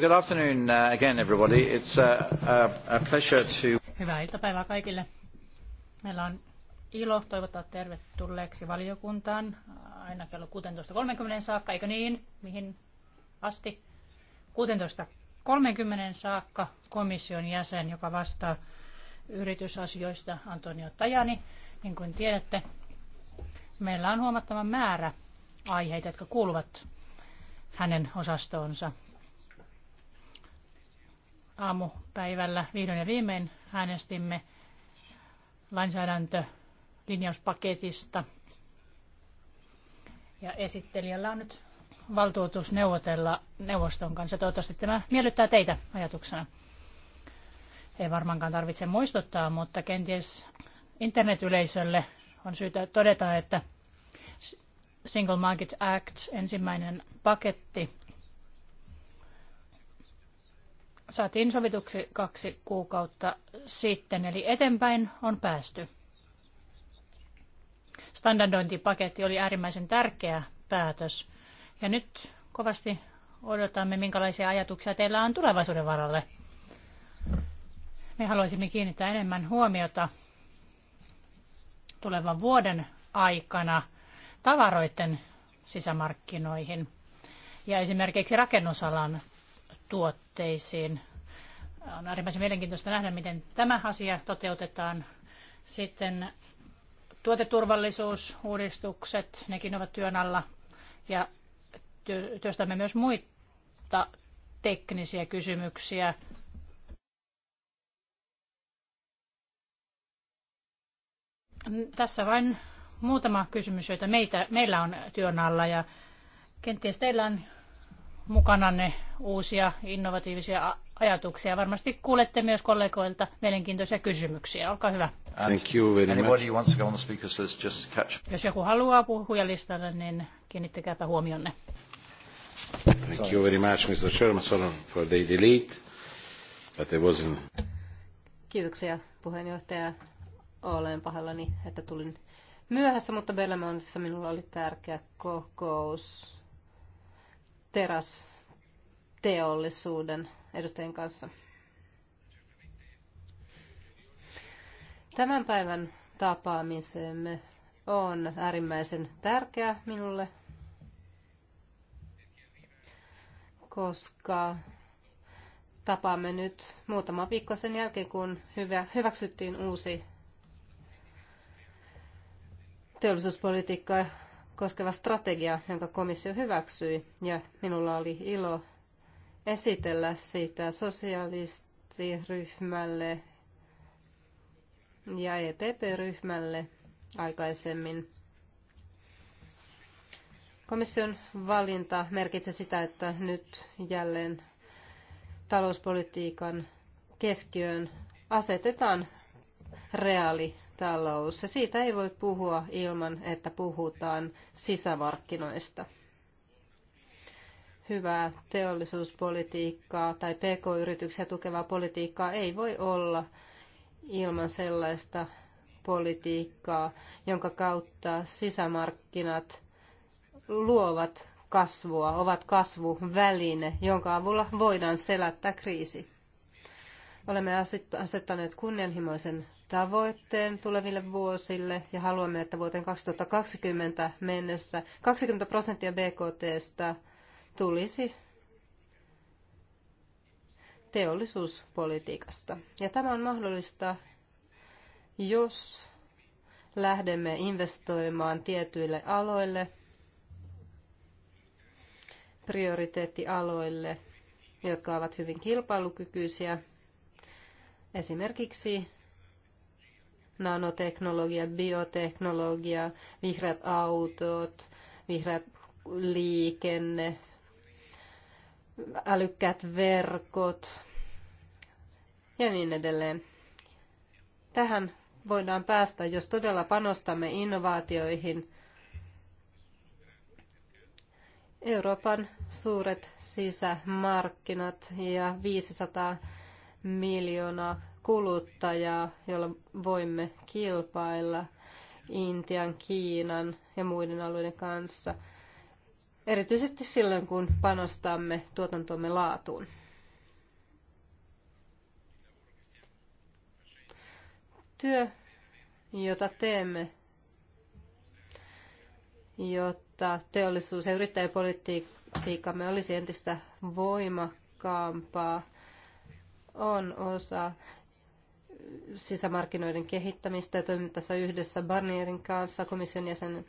good afternoon uh, again everybody. It's uh, a pleasure to... Hyvää iltapäivää kaikille. Meillä on ilo toivottaa tervetulleeksi valiokuntaan aina kello 16.30 saakka, eikö niin? Mihin asti? 16.30 saakka komission jäsen, joka vastaa yritysasioista, Antonio Tajani. Niin kuin tiedätte, meillä on huomattava määrä aiheita, jotka kuuluvat hänen osastoonsa aamupäivällä vihdoin ja viimein äänestimme lainsäädäntölinjauspaketista. Ja esittelijällä on nyt valtuutus neuvotella neuvoston kanssa. Toivottavasti tämä miellyttää teitä ajatuksena. Ei varmaankaan tarvitse muistuttaa, mutta kenties internetyleisölle on syytä todeta, että Single Market Act, ensimmäinen paketti, saatiin sovituksi kaksi kuukautta sitten, eli eteenpäin on päästy. Standardointipaketti oli äärimmäisen tärkeä päätös. Ja nyt kovasti odotamme, minkälaisia ajatuksia teillä on tulevaisuuden varalle. Me haluaisimme kiinnittää enemmän huomiota tulevan vuoden aikana tavaroiden sisämarkkinoihin ja esimerkiksi rakennusalan tuotteisiin. On äärimmäisen mielenkiintoista nähdä, miten tämä asia toteutetaan. Sitten tuoteturvallisuusuudistukset, nekin ovat työn alla. Ja työstämme myös muita teknisiä kysymyksiä. Tässä vain muutama kysymys, joita meitä, meillä on työn alla ja kenties teillä on mukananne uusia innovatiivisia ajatuksia. Varmasti kuulette myös kollegoilta mielenkiintoisia kysymyksiä. Olkaa hyvä. Thank you very much. Jos joku haluaa puhujalistalle, niin kiinnittäkääpä huomionne. Thank you very much, Mr. sorry for the delete, but it wasn't... Kiitoksia puheenjohtaja. Olen pahoillani, että tulin myöhässä, mutta Berlamonissa minulla oli tärkeä kokous terästeollisuuden edustajien kanssa. Tämän päivän tapaamisemme on äärimmäisen tärkeä minulle, koska tapaamme nyt muutama viikko sen jälkeen, kun hyvä, hyväksyttiin uusi teollisuuspolitiikka koskeva strategia, jonka komissio hyväksyi, ja minulla oli ilo esitellä sitä sosialistiryhmälle ja EPP-ryhmälle aikaisemmin. Komission valinta merkitsee sitä, että nyt jälleen talouspolitiikan keskiöön asetetaan reaali talous. Ja siitä ei voi puhua ilman, että puhutaan sisämarkkinoista. Hyvää teollisuuspolitiikkaa tai pk-yrityksiä tukevaa politiikkaa ei voi olla ilman sellaista politiikkaa, jonka kautta sisämarkkinat luovat kasvua, ovat kasvuväline, jonka avulla voidaan selättää kriisi. Olemme asettaneet kunnianhimoisen tavoitteen tuleville vuosille ja haluamme, että vuoteen 2020 mennessä 20 prosenttia BKTstä tulisi teollisuuspolitiikasta. Ja tämä on mahdollista, jos lähdemme investoimaan tietyille aloille, prioriteettialoille, jotka ovat hyvin kilpailukykyisiä. Esimerkiksi nanoteknologia, bioteknologia, vihreät autot, vihreät liikenne, älykkäät verkot ja niin edelleen. Tähän voidaan päästä, jos todella panostamme innovaatioihin. Euroopan suuret sisämarkkinat ja 500 miljoonaa kuluttajaa, jolla voimme kilpailla Intian, Kiinan ja muiden alueiden kanssa, erityisesti silloin, kun panostamme tuotantomme laatuun. Työ, jota teemme, jotta teollisuus- ja yrittäjäpolitiikkamme olisi entistä voimakkaampaa, on osa sisämarkkinoiden kehittämistä ja toimimme tässä yhdessä Barnierin kanssa, komission jäsenen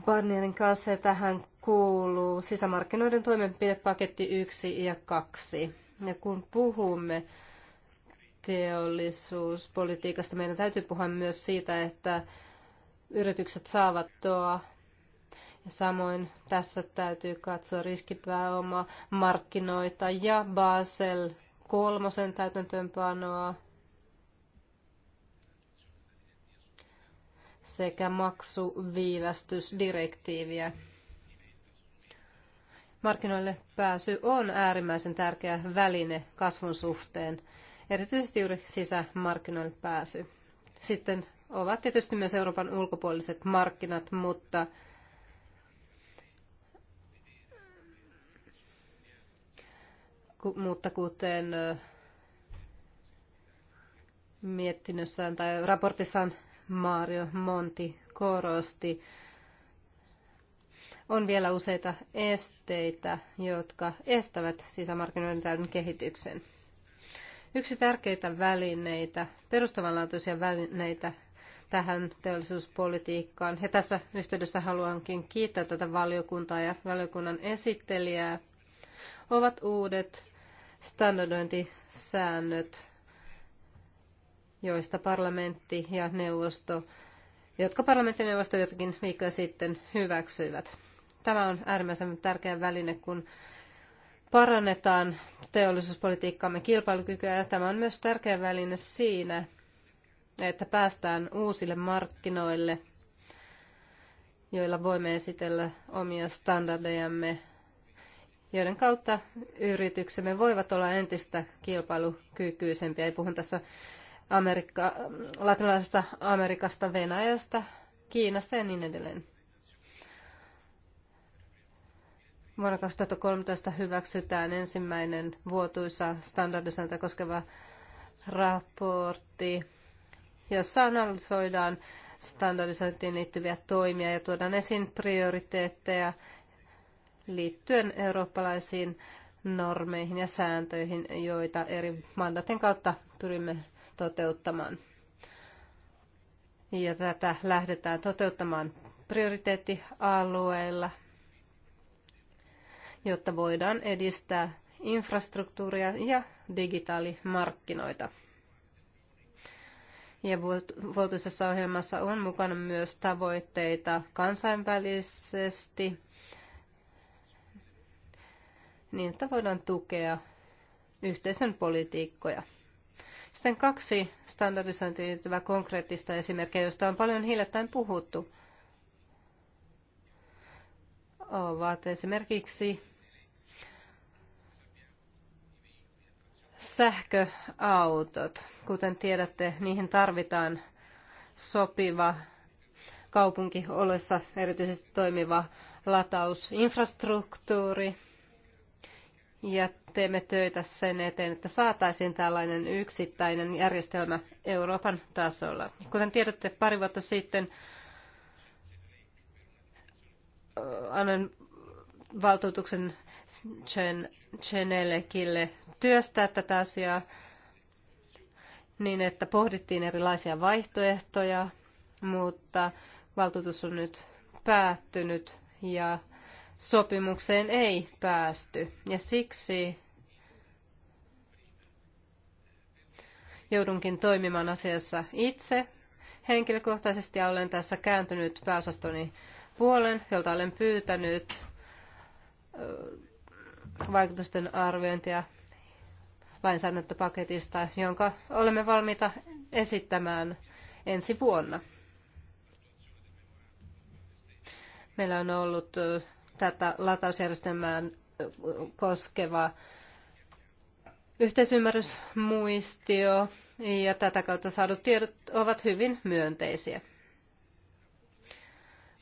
Barnierin kanssa ja tähän kuuluu sisämarkkinoiden toimenpidepaketti 1 ja 2. Ja kun puhumme teollisuuspolitiikasta, meidän täytyy puhua myös siitä, että yritykset saavat tuo ja samoin tässä täytyy katsoa riskipääoma, markkinoita ja Basel kolmosen täytäntöönpanoa sekä maksuviivästysdirektiiviä. Markkinoille pääsy on äärimmäisen tärkeä väline kasvun suhteen, erityisesti juuri sisämarkkinoille pääsy. Sitten ovat tietysti myös Euroopan ulkopuoliset markkinat, mutta mutta kuten mietinnössään tai raportissaan Mario Monti korosti, on vielä useita esteitä, jotka estävät sisämarkkinoiden täyden kehityksen. Yksi tärkeitä välineitä, perustavanlaatuisia välineitä tähän teollisuuspolitiikkaan. Ja tässä yhteydessä haluankin kiittää tätä valiokuntaa ja valiokunnan esittelijää – ovat uudet standardointisäännöt, joista parlamentti ja neuvosto, jotka parlamentti ja neuvosto jotakin viikkoja sitten hyväksyivät. Tämä on äärimmäisen tärkeä väline, kun parannetaan teollisuuspolitiikkaamme kilpailukykyä ja tämä on myös tärkeä väline siinä, että päästään uusille markkinoille, joilla voimme esitellä omia standardejamme joiden kautta yrityksemme voivat olla entistä kilpailukykyisempiä. Ja puhun tässä Amerikka, latinalaisesta Amerikasta, Venäjästä, Kiinasta ja niin edelleen. Vuonna 2013 hyväksytään ensimmäinen vuotuisa standardisointia koskeva raportti, jossa analysoidaan standardisointiin liittyviä toimia ja tuodaan esiin prioriteetteja, liittyen eurooppalaisiin normeihin ja sääntöihin, joita eri mandaten kautta pyrimme toteuttamaan. Ja tätä lähdetään toteuttamaan prioriteettialueilla, jotta voidaan edistää infrastruktuuria ja digitaalimarkkinoita. Ja vuotuisessa ohjelmassa on mukana myös tavoitteita kansainvälisesti niin että voidaan tukea yhteisön politiikkoja. Sitten kaksi standardisointiin liittyvää konkreettista esimerkkiä, joista on paljon hiljattain puhuttu, ovat esimerkiksi sähköautot. Kuten tiedätte, niihin tarvitaan sopiva kaupunkioloissa erityisesti toimiva latausinfrastruktuuri ja teemme töitä sen eteen, että saataisiin tällainen yksittäinen järjestelmä Euroopan tasolla. Kuten tiedätte, pari vuotta sitten äh, annan valtuutuksen Chen, Chenelekille työstää tätä asiaa niin, että pohdittiin erilaisia vaihtoehtoja, mutta valtuutus on nyt päättynyt ja sopimukseen ei päästy. Ja siksi joudunkin toimimaan asiassa itse henkilökohtaisesti ja olen tässä kääntynyt pääosastoni puolen, jolta olen pyytänyt vaikutusten arviointia lainsäädäntöpaketista, jonka olemme valmiita esittämään ensi vuonna. Meillä on ollut tätä latausjärjestelmää koskeva yhteisymmärrysmuistio ja tätä kautta saadut tiedot ovat hyvin myönteisiä.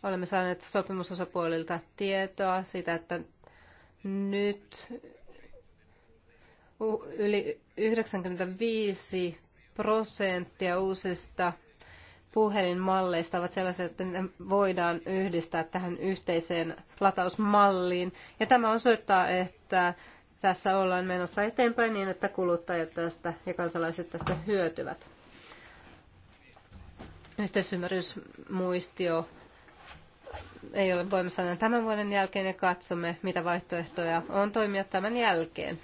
Olemme saaneet sopimusosapuolilta tietoa siitä, että nyt yli 95 prosenttia uusista puhelinmalleista ovat sellaisia, että ne voidaan yhdistää tähän yhteiseen latausmalliin. Ja tämä osoittaa, että tässä ollaan menossa eteenpäin niin, että kuluttajat tästä ja kansalaiset tästä hyötyvät. Yhteisymmärrysmuistio ei ole voimassa enää tämän vuoden jälkeen ja katsomme, mitä vaihtoehtoja on toimia tämän jälkeen.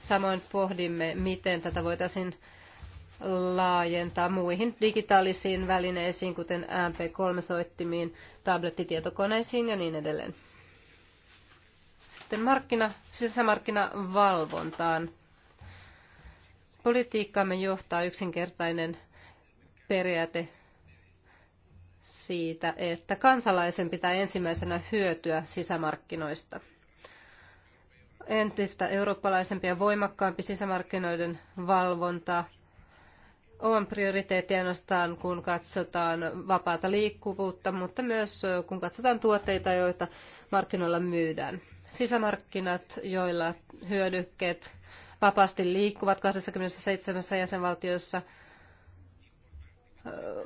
Samoin pohdimme, miten tätä voitaisiin laajentaa muihin digitaalisiin välineisiin, kuten MP3-soittimiin, tablettitietokoneisiin ja niin edelleen. Sitten markkina, sisämarkkinavalvontaan. Politiikkaamme johtaa yksinkertainen periaate siitä, että kansalaisen pitää ensimmäisenä hyötyä sisämarkkinoista. Entistä eurooppalaisempi ja voimakkaampi sisämarkkinoiden valvonta oman prioriteetin ainoastaan, kun katsotaan vapaata liikkuvuutta, mutta myös kun katsotaan tuotteita, joita markkinoilla myydään. Sisämarkkinat, joilla hyödykkeet vapaasti liikkuvat 27 jäsenvaltiossa,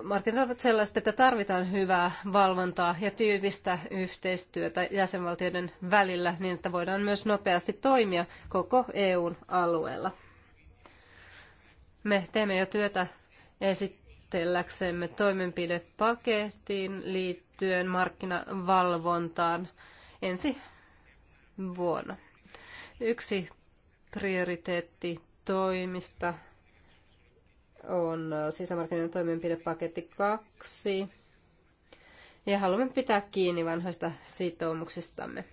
markkinat ovat sellaiset, että tarvitaan hyvää valvontaa ja tiivistä yhteistyötä jäsenvaltioiden välillä niin, että voidaan myös nopeasti toimia koko EUn alueella. Me teemme jo työtä esitelläksemme toimenpidepakettiin liittyen markkinavalvontaan ensi vuonna. Yksi prioriteetti toimista on sisämarkkinoiden toimenpidepaketti 2 ja haluamme pitää kiinni vanhoista sitoumuksistamme.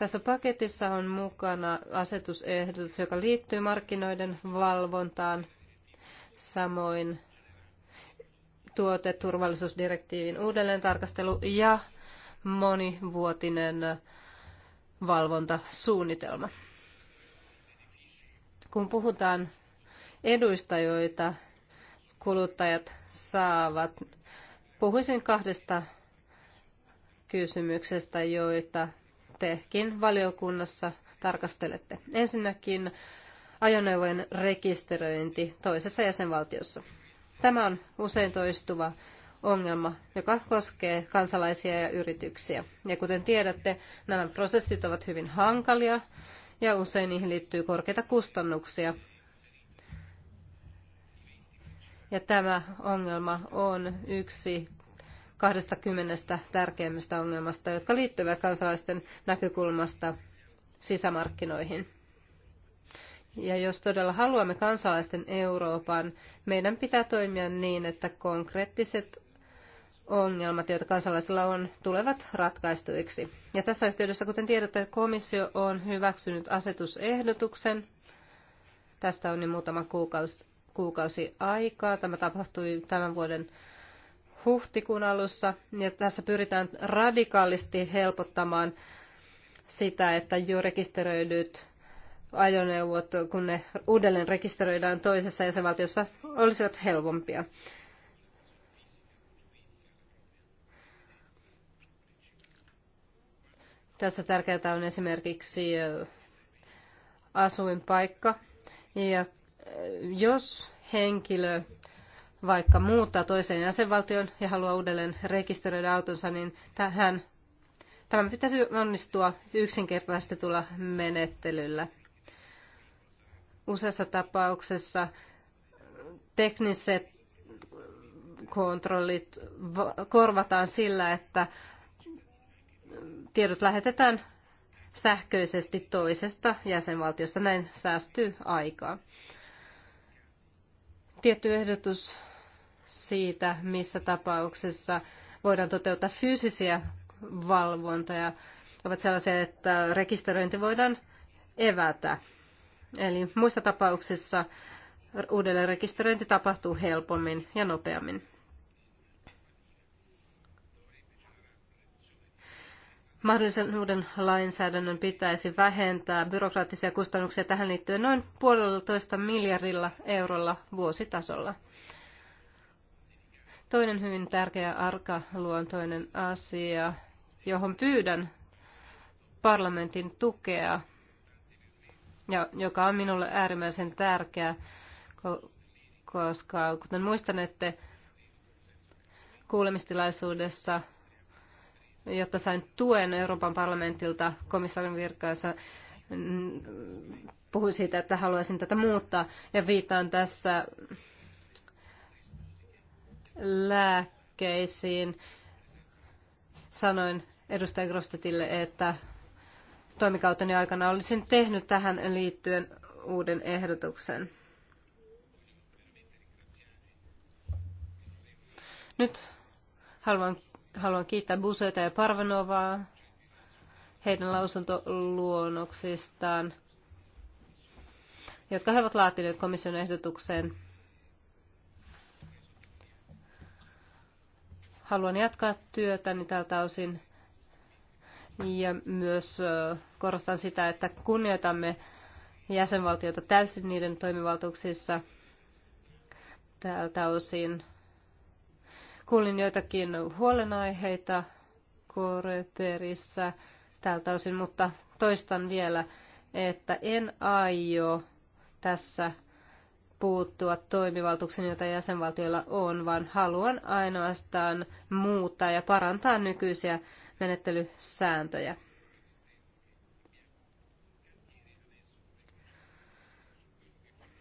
Tässä paketissa on mukana asetusehdotus, joka liittyy markkinoiden valvontaan, samoin tuoteturvallisuusdirektiivin uudelleentarkastelu ja monivuotinen valvontasuunnitelma. Kun puhutaan eduista, joita kuluttajat saavat, puhuisin kahdesta kysymyksestä, joita tekin valiokunnassa tarkastelette. Ensinnäkin ajoneuvojen rekisteröinti toisessa jäsenvaltiossa. Tämä on usein toistuva ongelma, joka koskee kansalaisia ja yrityksiä. Ja kuten tiedätte, nämä prosessit ovat hyvin hankalia ja usein niihin liittyy korkeita kustannuksia. Ja tämä ongelma on yksi 20 tärkeimmästä ongelmasta, jotka liittyvät kansalaisten näkökulmasta sisämarkkinoihin. Ja jos todella haluamme kansalaisten Euroopan, meidän pitää toimia niin, että konkreettiset ongelmat, joita kansalaisilla on, tulevat ratkaistuiksi. Ja tässä yhteydessä, kuten tiedätte, komissio on hyväksynyt asetusehdotuksen. Tästä on niin muutama kuukausi, kuukausi aikaa. Tämä tapahtui tämän vuoden huhtikuun alussa. Ja tässä pyritään radikaalisti helpottamaan sitä, että jo rekisteröidyt ajoneuvot, kun ne uudelleen rekisteröidään toisessa jäsenvaltiossa, olisivat helpompia. Tässä tärkeää on esimerkiksi äh, asuinpaikka. Ja äh, jos henkilö vaikka muuttaa toiseen jäsenvaltioon ja haluaa uudelleen rekisteröidä autonsa, niin tähän, tämän pitäisi onnistua yksinkertaistetulla menettelyllä. Useassa tapauksessa tekniset kontrollit korvataan sillä, että tiedot lähetetään sähköisesti toisesta jäsenvaltiosta. Näin säästyy aikaa. Tietty ehdotus siitä, missä tapauksessa voidaan toteuttaa fyysisiä valvontoja, ovat sellaisia, että rekisteröinti voidaan evätä. Eli muissa tapauksissa uudelleen rekisteröinti tapahtuu helpommin ja nopeammin. Mahdollisen uuden lainsäädännön pitäisi vähentää byrokraattisia kustannuksia tähän liittyen noin puolitoista miljardilla eurolla vuositasolla. Toinen hyvin tärkeä arkaluontoinen asia, johon pyydän parlamentin tukea, ja joka on minulle äärimmäisen tärkeä, koska kuten että kuulemistilaisuudessa, jotta sain tuen Euroopan parlamentilta komissaarin virkaansa, mm, puhuin siitä, että haluaisin tätä muuttaa, ja viitaan tässä lääkkeisiin. Sanoin edustaja Grostetille, että toimikauteni aikana olisin tehnyt tähän liittyen uuden ehdotuksen. Nyt haluan, haluan kiittää Buseita ja Parvenovaa heidän lausuntoluonnoksistaan, jotka he ovat laatineet komission ehdotukseen haluan jatkaa työtäni niin tältä osin ja myös korostan sitä, että kunnioitamme jäsenvaltiota täysin niiden toimivaltuuksissa tältä osin. Kuulin joitakin huolenaiheita Koreperissä tältä osin, mutta toistan vielä, että en aio tässä puuttua toimivaltuuksiin, joita jäsenvaltioilla on, vaan haluan ainoastaan muuttaa ja parantaa nykyisiä menettelysääntöjä.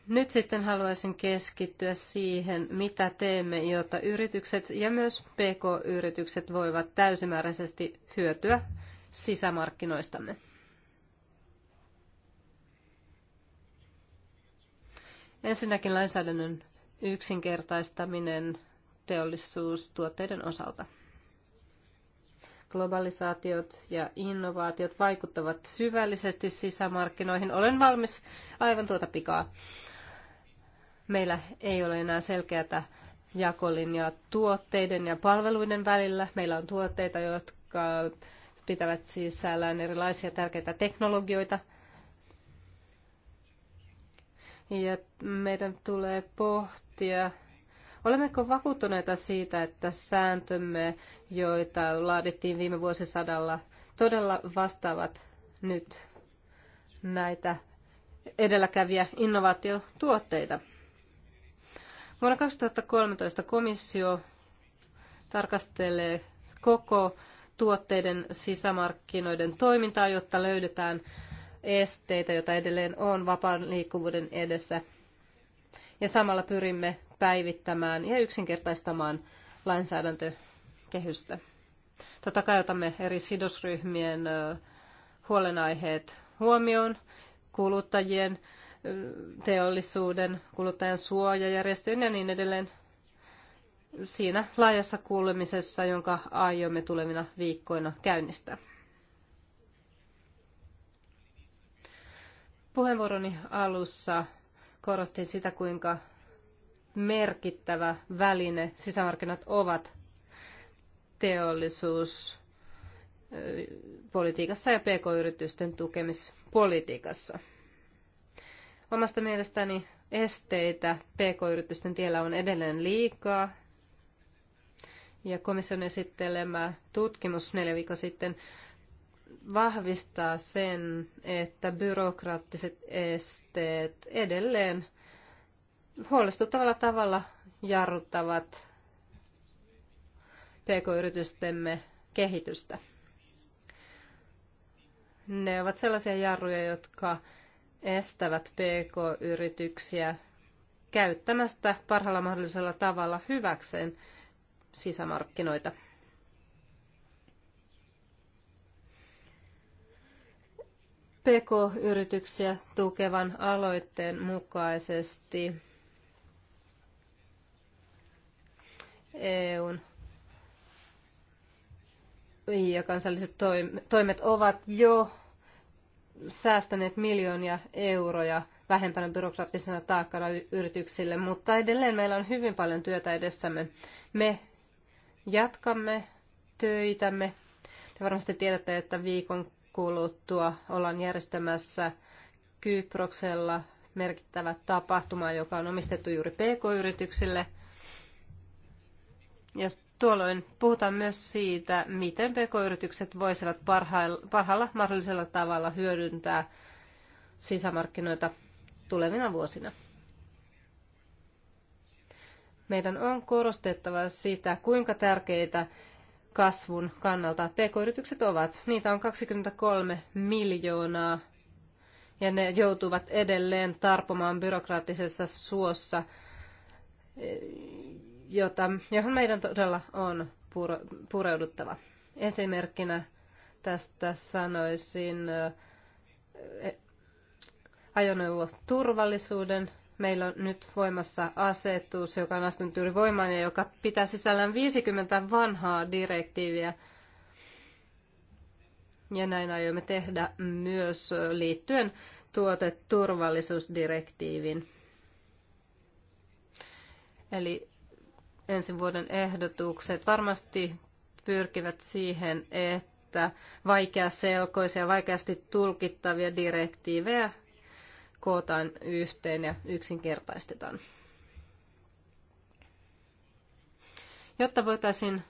Nyt sitten haluaisin keskittyä siihen, mitä teemme, jotta yritykset ja myös PK-yritykset voivat täysimääräisesti hyötyä sisämarkkinoistamme. Ensinnäkin lainsäädännön yksinkertaistaminen teollisuustuotteiden osalta. Globalisaatiot ja innovaatiot vaikuttavat syvällisesti sisämarkkinoihin. Olen valmis aivan tuota pikaa. Meillä ei ole enää selkeätä jakolinjaa tuotteiden ja palveluiden välillä. Meillä on tuotteita, jotka pitävät sisällään erilaisia tärkeitä teknologioita – ja meidän tulee pohtia, olemmeko vakuuttuneita siitä, että sääntömme, joita laadittiin viime vuosisadalla, todella vastaavat nyt näitä edelläkäviä innovaatiotuotteita. Vuonna 2013 komissio tarkastelee koko tuotteiden sisämarkkinoiden toimintaa, jotta löydetään esteitä, joita edelleen on vapaan liikkuvuuden edessä. Ja samalla pyrimme päivittämään ja yksinkertaistamaan lainsäädäntökehystä. Totta kai otamme eri sidosryhmien huolenaiheet huomioon, kuluttajien, teollisuuden, kuluttajan suojajärjestöjen ja niin edelleen siinä laajassa kuulemisessa, jonka aiomme tulevina viikkoina käynnistää. Puheenvuoroni alussa korostin sitä, kuinka merkittävä väline sisämarkkinat ovat teollisuuspolitiikassa ja pk-yritysten tukemispolitiikassa. Omasta mielestäni esteitä pk-yritysten tiellä on edelleen liikaa. Ja komission esittelemä tutkimus neljä viikkoa sitten vahvistaa sen, että byrokraattiset esteet edelleen huolestuttavalla tavalla jarruttavat pk-yritystemme kehitystä. Ne ovat sellaisia jarruja, jotka estävät pk-yrityksiä käyttämästä parhaalla mahdollisella tavalla hyväkseen sisämarkkinoita. PK-yrityksiä tukevan aloitteen mukaisesti EUn ja kansalliset toimet ovat jo säästäneet miljoonia euroja vähempänä byrokraattisena taakkana yrityksille, mutta edelleen meillä on hyvin paljon työtä edessämme. Me jatkamme töitämme. Te varmasti tiedätte, että viikon kuluttua ollaan järjestämässä Kyproksella merkittävä tapahtuma, joka on omistettu juuri PK-yrityksille. Ja tuolloin puhutaan myös siitä, miten PK-yritykset voisivat parhaalla mahdollisella tavalla hyödyntää sisämarkkinoita tulevina vuosina. Meidän on korostettava sitä, kuinka tärkeitä kasvun kannalta. PK-yritykset ovat, niitä on 23 miljoonaa ja ne joutuvat edelleen tarpomaan byrokraattisessa suossa, jota, johon meidän todella on pureuduttava. Esimerkkinä tästä sanoisin eh, ajoneuvoturvallisuuden Meillä on nyt voimassa asetus, joka on astunut juuri voimaan ja joka pitää sisällään 50 vanhaa direktiiviä. Ja näin aiomme tehdä myös liittyen tuoteturvallisuusdirektiivin. Eli ensi vuoden ehdotukset varmasti pyrkivät siihen, että vaikeaselkoisia, vaikeasti tulkittavia direktiivejä kootaan yhteen ja yksinkertaistetaan. Jotta voitaisiin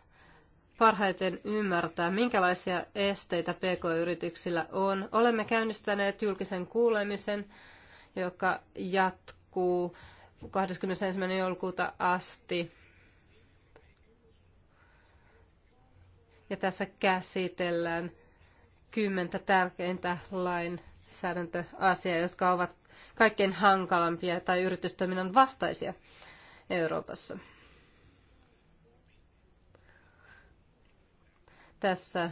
parhaiten ymmärtää, minkälaisia esteitä PK-yrityksillä on, olemme käynnistäneet julkisen kuulemisen, joka jatkuu 21. joulukuuta asti. Ja tässä käsitellään kymmentä tärkeintä lain lainsäädäntöasia, jotka ovat kaikkein hankalampia tai yritystoiminnan vastaisia Euroopassa. Tässä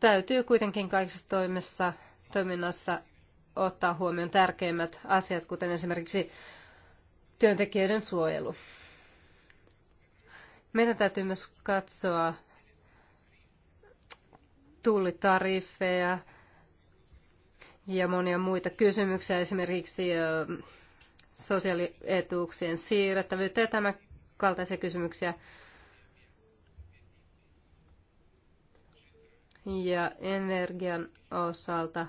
täytyy kuitenkin kaikessa toimessa, toiminnassa ottaa huomioon tärkeimmät asiat, kuten esimerkiksi työntekijöiden suojelu. Meidän täytyy myös katsoa tullitariffeja ja monia muita kysymyksiä, esimerkiksi sosiaalietuuksien siirrettävyyttä ja tämän kaltaisia kysymyksiä. Ja energian osalta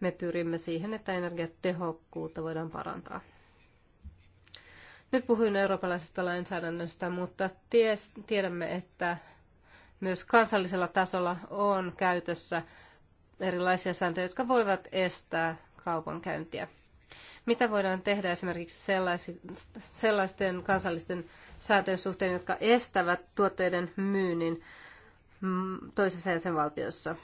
me pyrimme siihen, että energiatehokkuutta voidaan parantaa. Nyt puhuin eurooppalaisesta lainsäädännöstä, mutta ties, tiedämme, että myös kansallisella tasolla on käytössä erilaisia sääntöjä, jotka voivat estää kaupankäyntiä. Mitä voidaan tehdä esimerkiksi sellaisten kansallisten sääntöjen suhteen, jotka estävät tuotteiden myynnin mm, toisessa jäsenvaltiossa?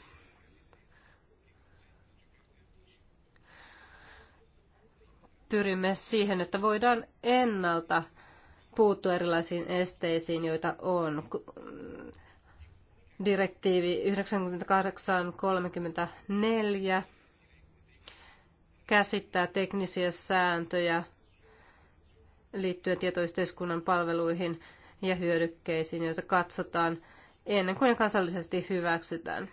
Pyrimme siihen, että voidaan ennalta puuttua erilaisiin esteisiin, joita on direktiivi 9834 käsittää teknisiä sääntöjä liittyen tietoyhteiskunnan palveluihin ja hyödykkeisiin, joita katsotaan ennen kuin ne kansallisesti hyväksytään.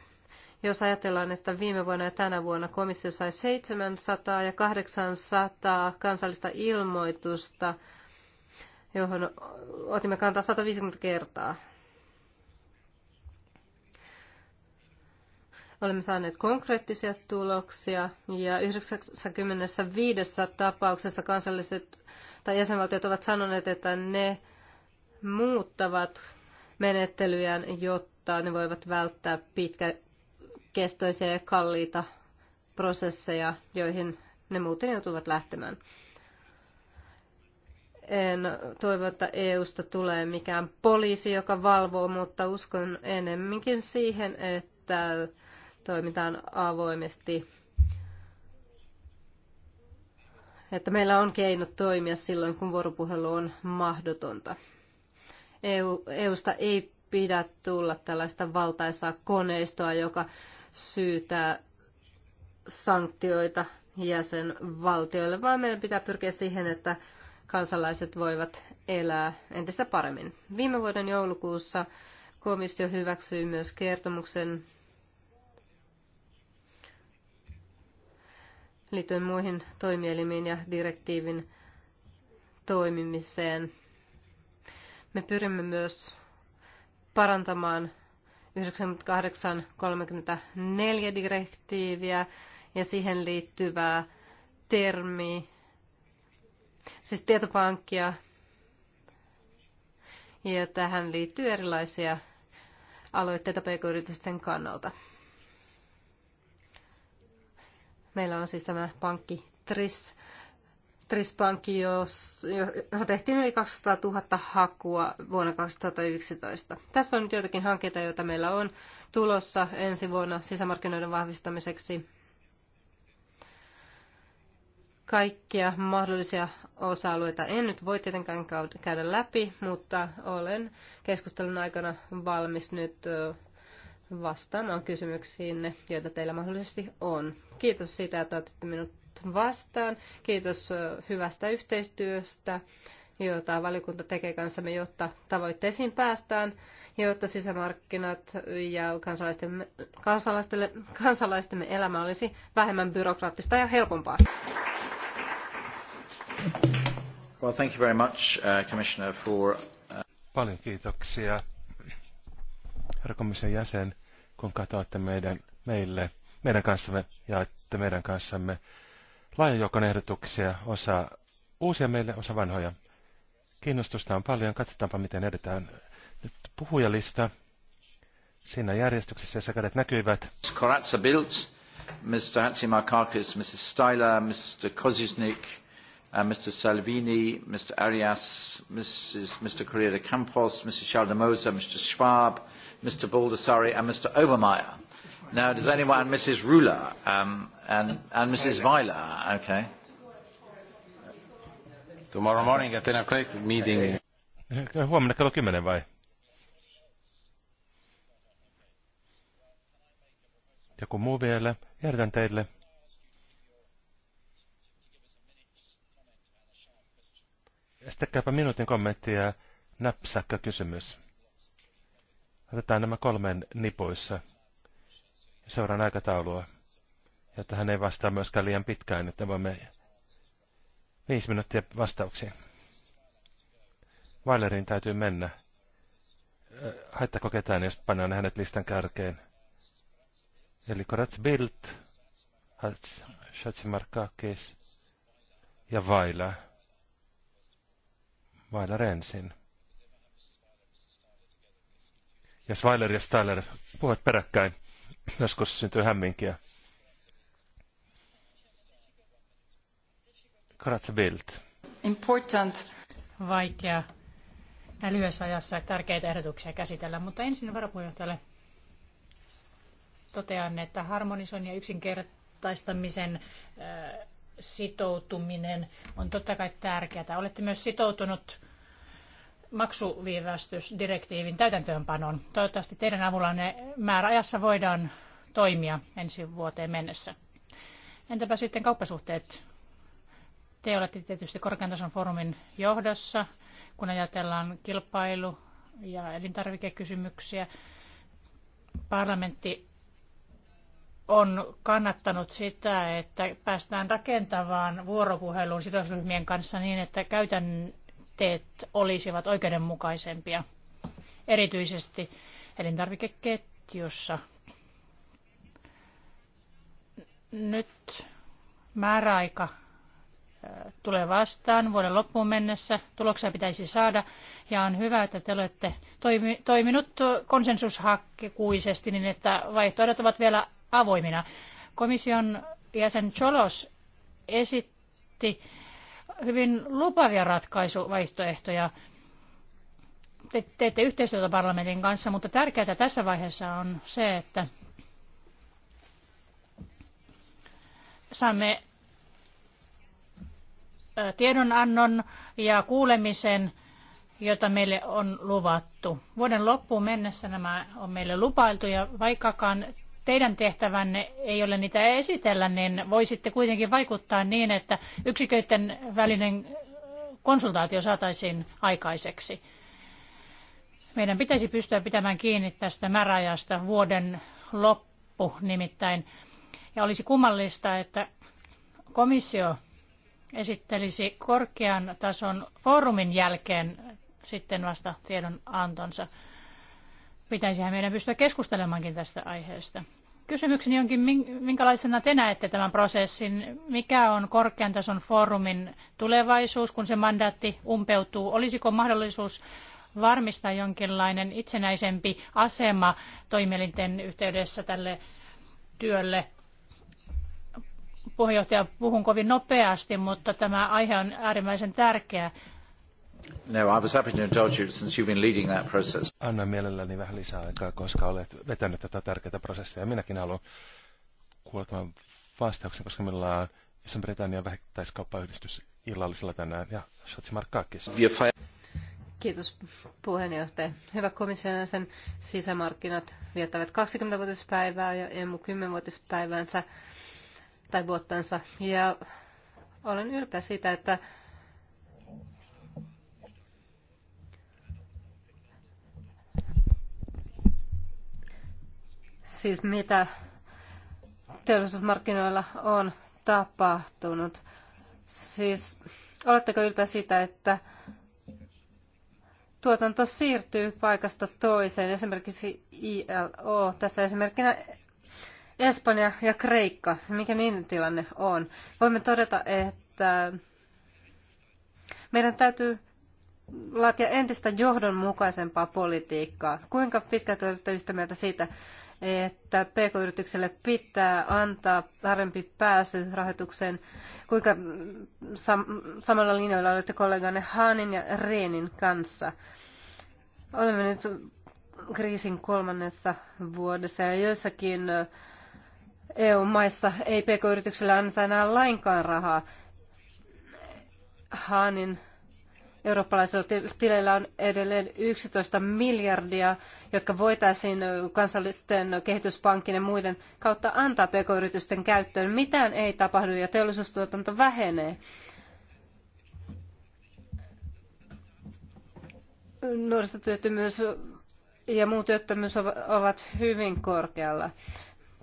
Jos ajatellaan, että viime vuonna ja tänä vuonna komissio sai 700 ja 800 kansallista ilmoitusta, johon otimme kantaa 150 kertaa Olemme saaneet konkreettisia tuloksia ja 95 tapauksessa kansalliset tai jäsenvaltiot ovat sanoneet, että ne muuttavat menettelyjään, jotta ne voivat välttää pitkäkestoisia ja kalliita prosesseja, joihin ne muuten joutuvat lähtemään. En toivo, että EUsta tulee mikään poliisi, joka valvoo, mutta uskon enemminkin siihen, että toimitaan avoimesti, että meillä on keinot toimia silloin, kun vuoropuhelu on mahdotonta. EU, EUsta ei pidä tulla tällaista valtaisaa koneistoa, joka syytää sanktioita jäsenvaltioille, vaan meidän pitää pyrkiä siihen, että kansalaiset voivat elää entistä paremmin. Viime vuoden joulukuussa komissio hyväksyi myös kertomuksen liittyen muihin toimielimiin ja direktiivin toimimiseen. Me pyrimme myös parantamaan 98.34 direktiiviä ja siihen liittyvää termi, siis tietopankkia. Ja tähän liittyy erilaisia aloitteita pk-yritysten kannalta. Meillä on siis tämä pankki TRIS, TRIS-pankki, johon tehtiin yli 200 000 hakua vuonna 2011. Tässä on nyt joitakin hankkeita, joita meillä on tulossa ensi vuonna sisämarkkinoiden vahvistamiseksi. Kaikkia mahdollisia osa-alueita en nyt voi tietenkään käydä läpi, mutta olen keskustelun aikana valmis nyt vastaamaan kysymyksiinne, joita teillä mahdollisesti on. Kiitos siitä, että otitte minut vastaan. Kiitos hyvästä yhteistyöstä, jota valiokunta tekee kanssamme, jotta tavoitteisiin päästään, jotta sisämarkkinat ja kansalaistemme, kansalaistemme, kansalaistemme elämä olisi vähemmän byrokraattista ja helpompaa. Well, thank you very much, uh, Commissioner, for... Uh... Paljon kiitoksia herra komission jäsen, kun katoatte meidän, meille, meidän kanssamme ja että meidän kanssamme laajan joukon ehdotuksia, osa uusia meille, osa vanhoja. Kiinnostusta on paljon, katsotaanpa miten edetään. Nyt puhujalista siinä järjestyksessä, jossa kädet näkyivät. Koratsa Biltz, Mr. Hatzimarkakis, Mrs. Styler, Mr. Kozisnik, uh, Mr. Salvini, Mr. Arias, Mrs. Mr. Correa de Campos, Mrs. Chaldemosa, Mr. Schwab, Mr. Baldessari and Mr. Obermeyer. Now, does anyone, Mrs. Ruler um, and, and Mrs. Weiler? Okay. Tomorrow morning at 10 o'clock meeting. Eh, huomenna kello 10 vai? Joku muu vielä? Järjestän teille. Estäkääpä minuutin kommenttia. Näpsäkkä kysymys. Otetaan nämä kolmen nipuissa. Seuraan aikataulua, jotta hän ei vastaa myöskään liian pitkään, että voimme viisi minuuttia vastauksiin. Vailerin täytyy mennä. Haittako ketään, jos panen hänet listan kärkeen? Eli Korats Bild, Schatzimarkakis ja Vaila. Vaila Rensin ja Sweiler ja Styler puhuvat peräkkäin. Joskus syntyy hämminkiä. Karatsa Bild. Important. Vaikea näin lyhyessä ajassa tärkeitä ehdotuksia käsitellä, mutta ensin varapuheenjohtajalle totean, että harmonisoinnin ja yksinkertaistamisen sitoutuminen on totta kai tärkeää. Olette myös sitoutunut maksuviivästysdirektiivin täytäntöönpanon. Toivottavasti teidän avullanne määräajassa voidaan toimia ensi vuoteen mennessä. Entäpä sitten kauppasuhteet? Te olette tietysti korkean tason foorumin johdossa, kun ajatellaan kilpailu- ja elintarvikekysymyksiä. Parlamentti on kannattanut sitä, että päästään rakentavaan vuoropuheluun sidosryhmien kanssa niin, että käytän tuotteet olisivat oikeudenmukaisempia, erityisesti elintarvikeketjussa. Nyt määräaika tulee vastaan vuoden loppuun mennessä. Tuloksia pitäisi saada ja on hyvä, että te olette toimi, toiminut konsensushakkuisesti niin, että vaihtoehdot ovat vielä avoimina. Komission jäsen Cholos esitti hyvin lupavia ratkaisuvaihtoehtoja. Te teette yhteistyötä parlamentin kanssa, mutta tärkeää tässä vaiheessa on se, että saamme tiedonannon ja kuulemisen, jota meille on luvattu. Vuoden loppuun mennessä nämä on meille lupailtu ja vaikkakaan teidän tehtävänne ei ole niitä esitellä, niin voisitte kuitenkin vaikuttaa niin, että yksiköiden välinen konsultaatio saataisiin aikaiseksi. Meidän pitäisi pystyä pitämään kiinni tästä määräajasta vuoden loppu nimittäin. Ja olisi kummallista, että komissio esittelisi korkean tason foorumin jälkeen sitten vasta tiedon antonsa. Pitäisihän meidän pystyä keskustelemaankin tästä aiheesta. Kysymykseni onkin, minkälaisena te näette tämän prosessin? Mikä on korkean tason foorumin tulevaisuus, kun se mandaatti umpeutuu? Olisiko mahdollisuus varmistaa jonkinlainen itsenäisempi asema toimielinten yhteydessä tälle työlle? Puheenjohtaja, puhun kovin nopeasti, mutta tämä aihe on äärimmäisen tärkeä. No, I was happy to indulge you since you've been leading that process. Anna mielelläni vähän lisää aikaa, koska olet vetänyt tätä tärkeää prosessia. Ja minäkin haluan kuulla tämän vastauksen, koska meillä on Iso-Britannian vähittäiskauppayhdistys illallisella tänään. Ja Shotsi Markkaakis. Kiitos puheenjohtaja. Hyvä komission sisämarkkinat viettävät 20-vuotispäivää ja EMU 10-vuotispäivänsä tai vuottansa. Ja olen ylpeä siitä, että siis mitä teollisuusmarkkinoilla on tapahtunut. Siis oletteko ylpeä sitä, että tuotanto siirtyy paikasta toiseen, esimerkiksi ILO, tässä esimerkkinä Espanja ja Kreikka, mikä niin tilanne on. Voimme todeta, että meidän täytyy laatia entistä johdonmukaisempaa politiikkaa. Kuinka pitkälti olette yhtä mieltä siitä, että pk-yritykselle pitää antaa parempi pääsy rahoitukseen? Kuinka sam- samalla linjoilla olette kolleganne Haanin ja Reenin kanssa? Olemme nyt kriisin kolmannessa vuodessa ja joissakin EU-maissa ei pk-yritykselle anneta enää lainkaan rahaa. Haanin eurooppalaisilla tileillä on edelleen 11 miljardia, jotka voitaisiin kansallisten kehityspankkien ja muiden kautta antaa pk-yritysten käyttöön. Mitään ei tapahdu ja teollisuustuotanto vähenee. Nuorisotyöttömyys ja muu työttömyys ovat hyvin korkealla.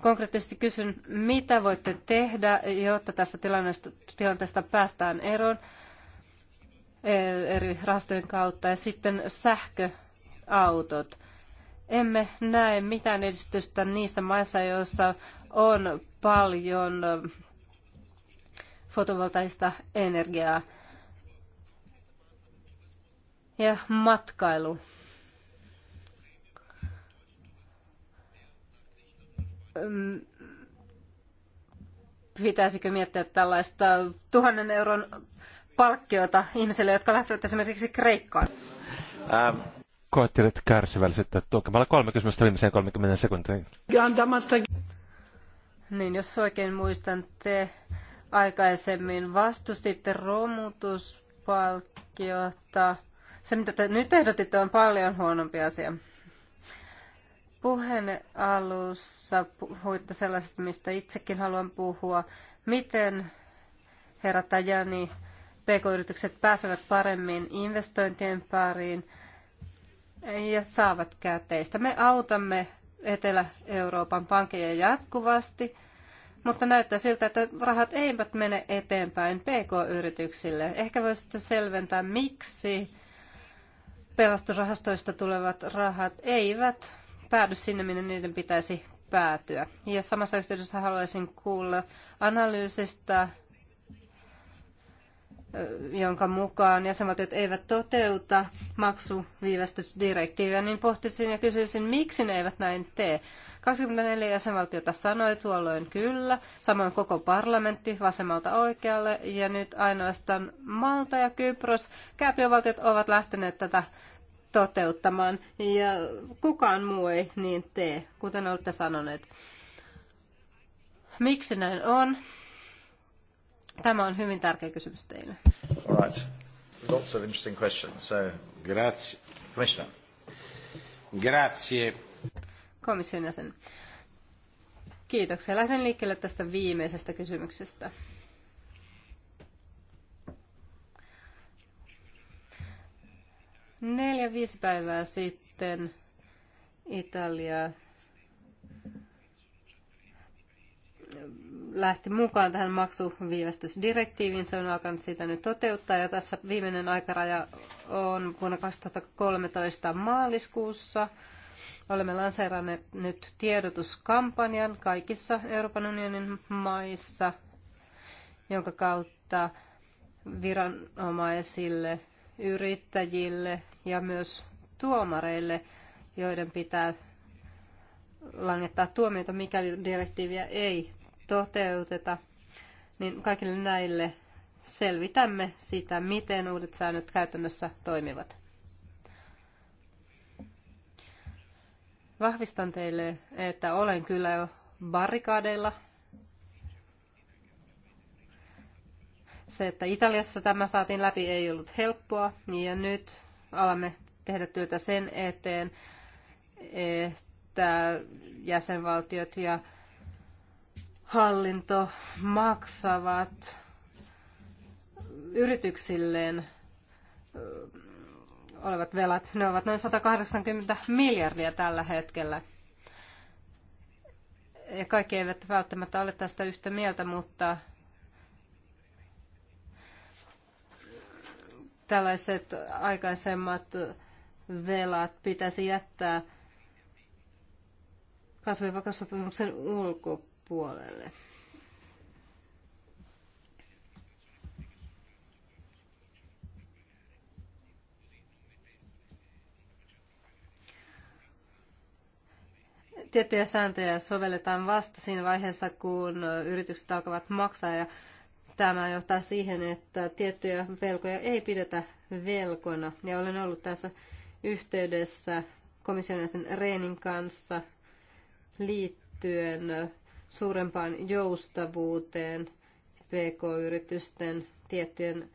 Konkreettisesti kysyn, mitä voitte tehdä, jotta tästä tilanteesta päästään eroon? Eh, eri rahastojen kautta ja sitten sähköautot. Emme näe mitään edistystä niissä maissa, joissa on paljon eh, fotovoltaista energiaa. Ja matkailu. Pitäisikö miettiä tällaista tuhannen euron palkkiota ihmisille, jotka lähtevät esimerkiksi Kreikkaan? Ähm. Koettelet kärsivällisyyttä tuokemalla kolme kysymystä viimeiseen 30 sekuntiin. Niin, jos oikein muistan, te aikaisemmin vastustitte romutuspalkkiota. Se, mitä te nyt ehdotitte, on paljon huonompi asia. Puheen alussa puhuitte sellaisesta, mistä itsekin haluan puhua. Miten herra Tajani pk-yritykset pääsevät paremmin investointien pariin ja saavat käteistä. Me autamme Etelä-Euroopan pankkeja jatkuvasti, mutta näyttää siltä, että rahat eivät mene eteenpäin pk-yrityksille. Ehkä voisitte selventää, miksi pelastusrahastoista tulevat rahat eivät päädy sinne, minne niiden pitäisi päätyä. Ja samassa yhteydessä haluaisin kuulla analyysistä jonka mukaan jäsenvaltiot eivät toteuta maksuviivästysdirektiiviä, niin pohtisin ja kysyisin, miksi ne eivät näin tee. 24 jäsenvaltiota sanoi tuolloin kyllä, samoin koko parlamentti vasemmalta oikealle, ja nyt ainoastaan Malta ja Kypros, kääpiovaltiot ovat lähteneet tätä toteuttamaan, ja kukaan muu ei niin tee, kuten olette sanoneet. Miksi näin on? Tämä on hyvin tärkeä kysymys teille. All right. Lots of interesting questions. So, grazie. Commissioner. Grazie. Komission jäsen. Kiitoksia. Lähden liikkeelle tästä viimeisestä kysymyksestä. Neljä, viisi päivää sitten Italia lähti mukaan tähän maksuviivästysdirektiiviin. Se on alkanut sitä nyt toteuttaa ja tässä viimeinen aikaraja on vuonna 2013 maaliskuussa. Olemme lanseeranneet nyt tiedotuskampanjan kaikissa Euroopan unionin maissa, jonka kautta viranomaisille, yrittäjille ja myös tuomareille, joiden pitää langettaa tuomiota, mikäli direktiiviä ei toteuteta, niin kaikille näille selvitämme sitä, miten uudet säännöt käytännössä toimivat. Vahvistan teille, että olen kyllä jo barrikaadeilla. Se, että Italiassa tämä saatiin läpi, ei ollut helppoa. Ja nyt alamme tehdä työtä sen eteen, että jäsenvaltiot ja hallinto maksavat yrityksilleen olevat velat, ne ovat noin 180 miljardia tällä hetkellä. Ja kaikki eivät välttämättä ole tästä yhtä mieltä, mutta tällaiset aikaisemmat velat pitäisi jättää kasvivakasopimuksen ulkopuolelle puolelle. Tiettyjä sääntöjä sovelletaan vasta siinä vaiheessa, kun yritykset alkavat maksaa ja tämä johtaa siihen, että tiettyjä velkoja ei pidetä velkona. Ja olen ollut tässä yhteydessä komission Reenin kanssa liittyen suurempaan joustavuuteen PK-yritysten tiettyjen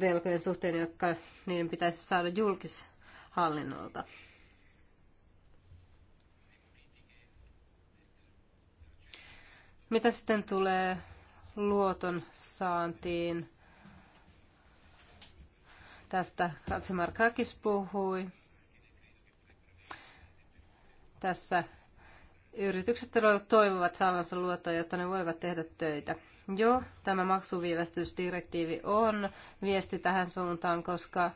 velkojen suhteen, jotka niiden pitäisi saada julkishallinnolta. Mitä sitten tulee luoton saantiin? Tästä Katsimar Kakis puhui. Tässä Yritykset todella toivovat saavansa luottoa, jotta ne voivat tehdä töitä. Joo, tämä maksuviivästysdirektiivi on viesti tähän suuntaan, koska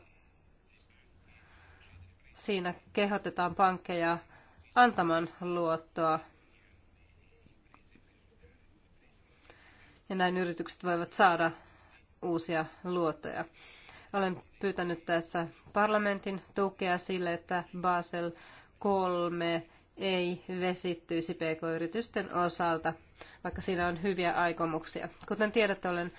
siinä kehotetaan pankkeja antamaan luottoa. Ja näin yritykset voivat saada uusia luottoja. Olen pyytänyt tässä parlamentin tukea sille, että Basel 3 ei vesittyisi pk-yritysten osalta, vaikka siinä on hyviä aikomuksia. Kuten tiedätte, olen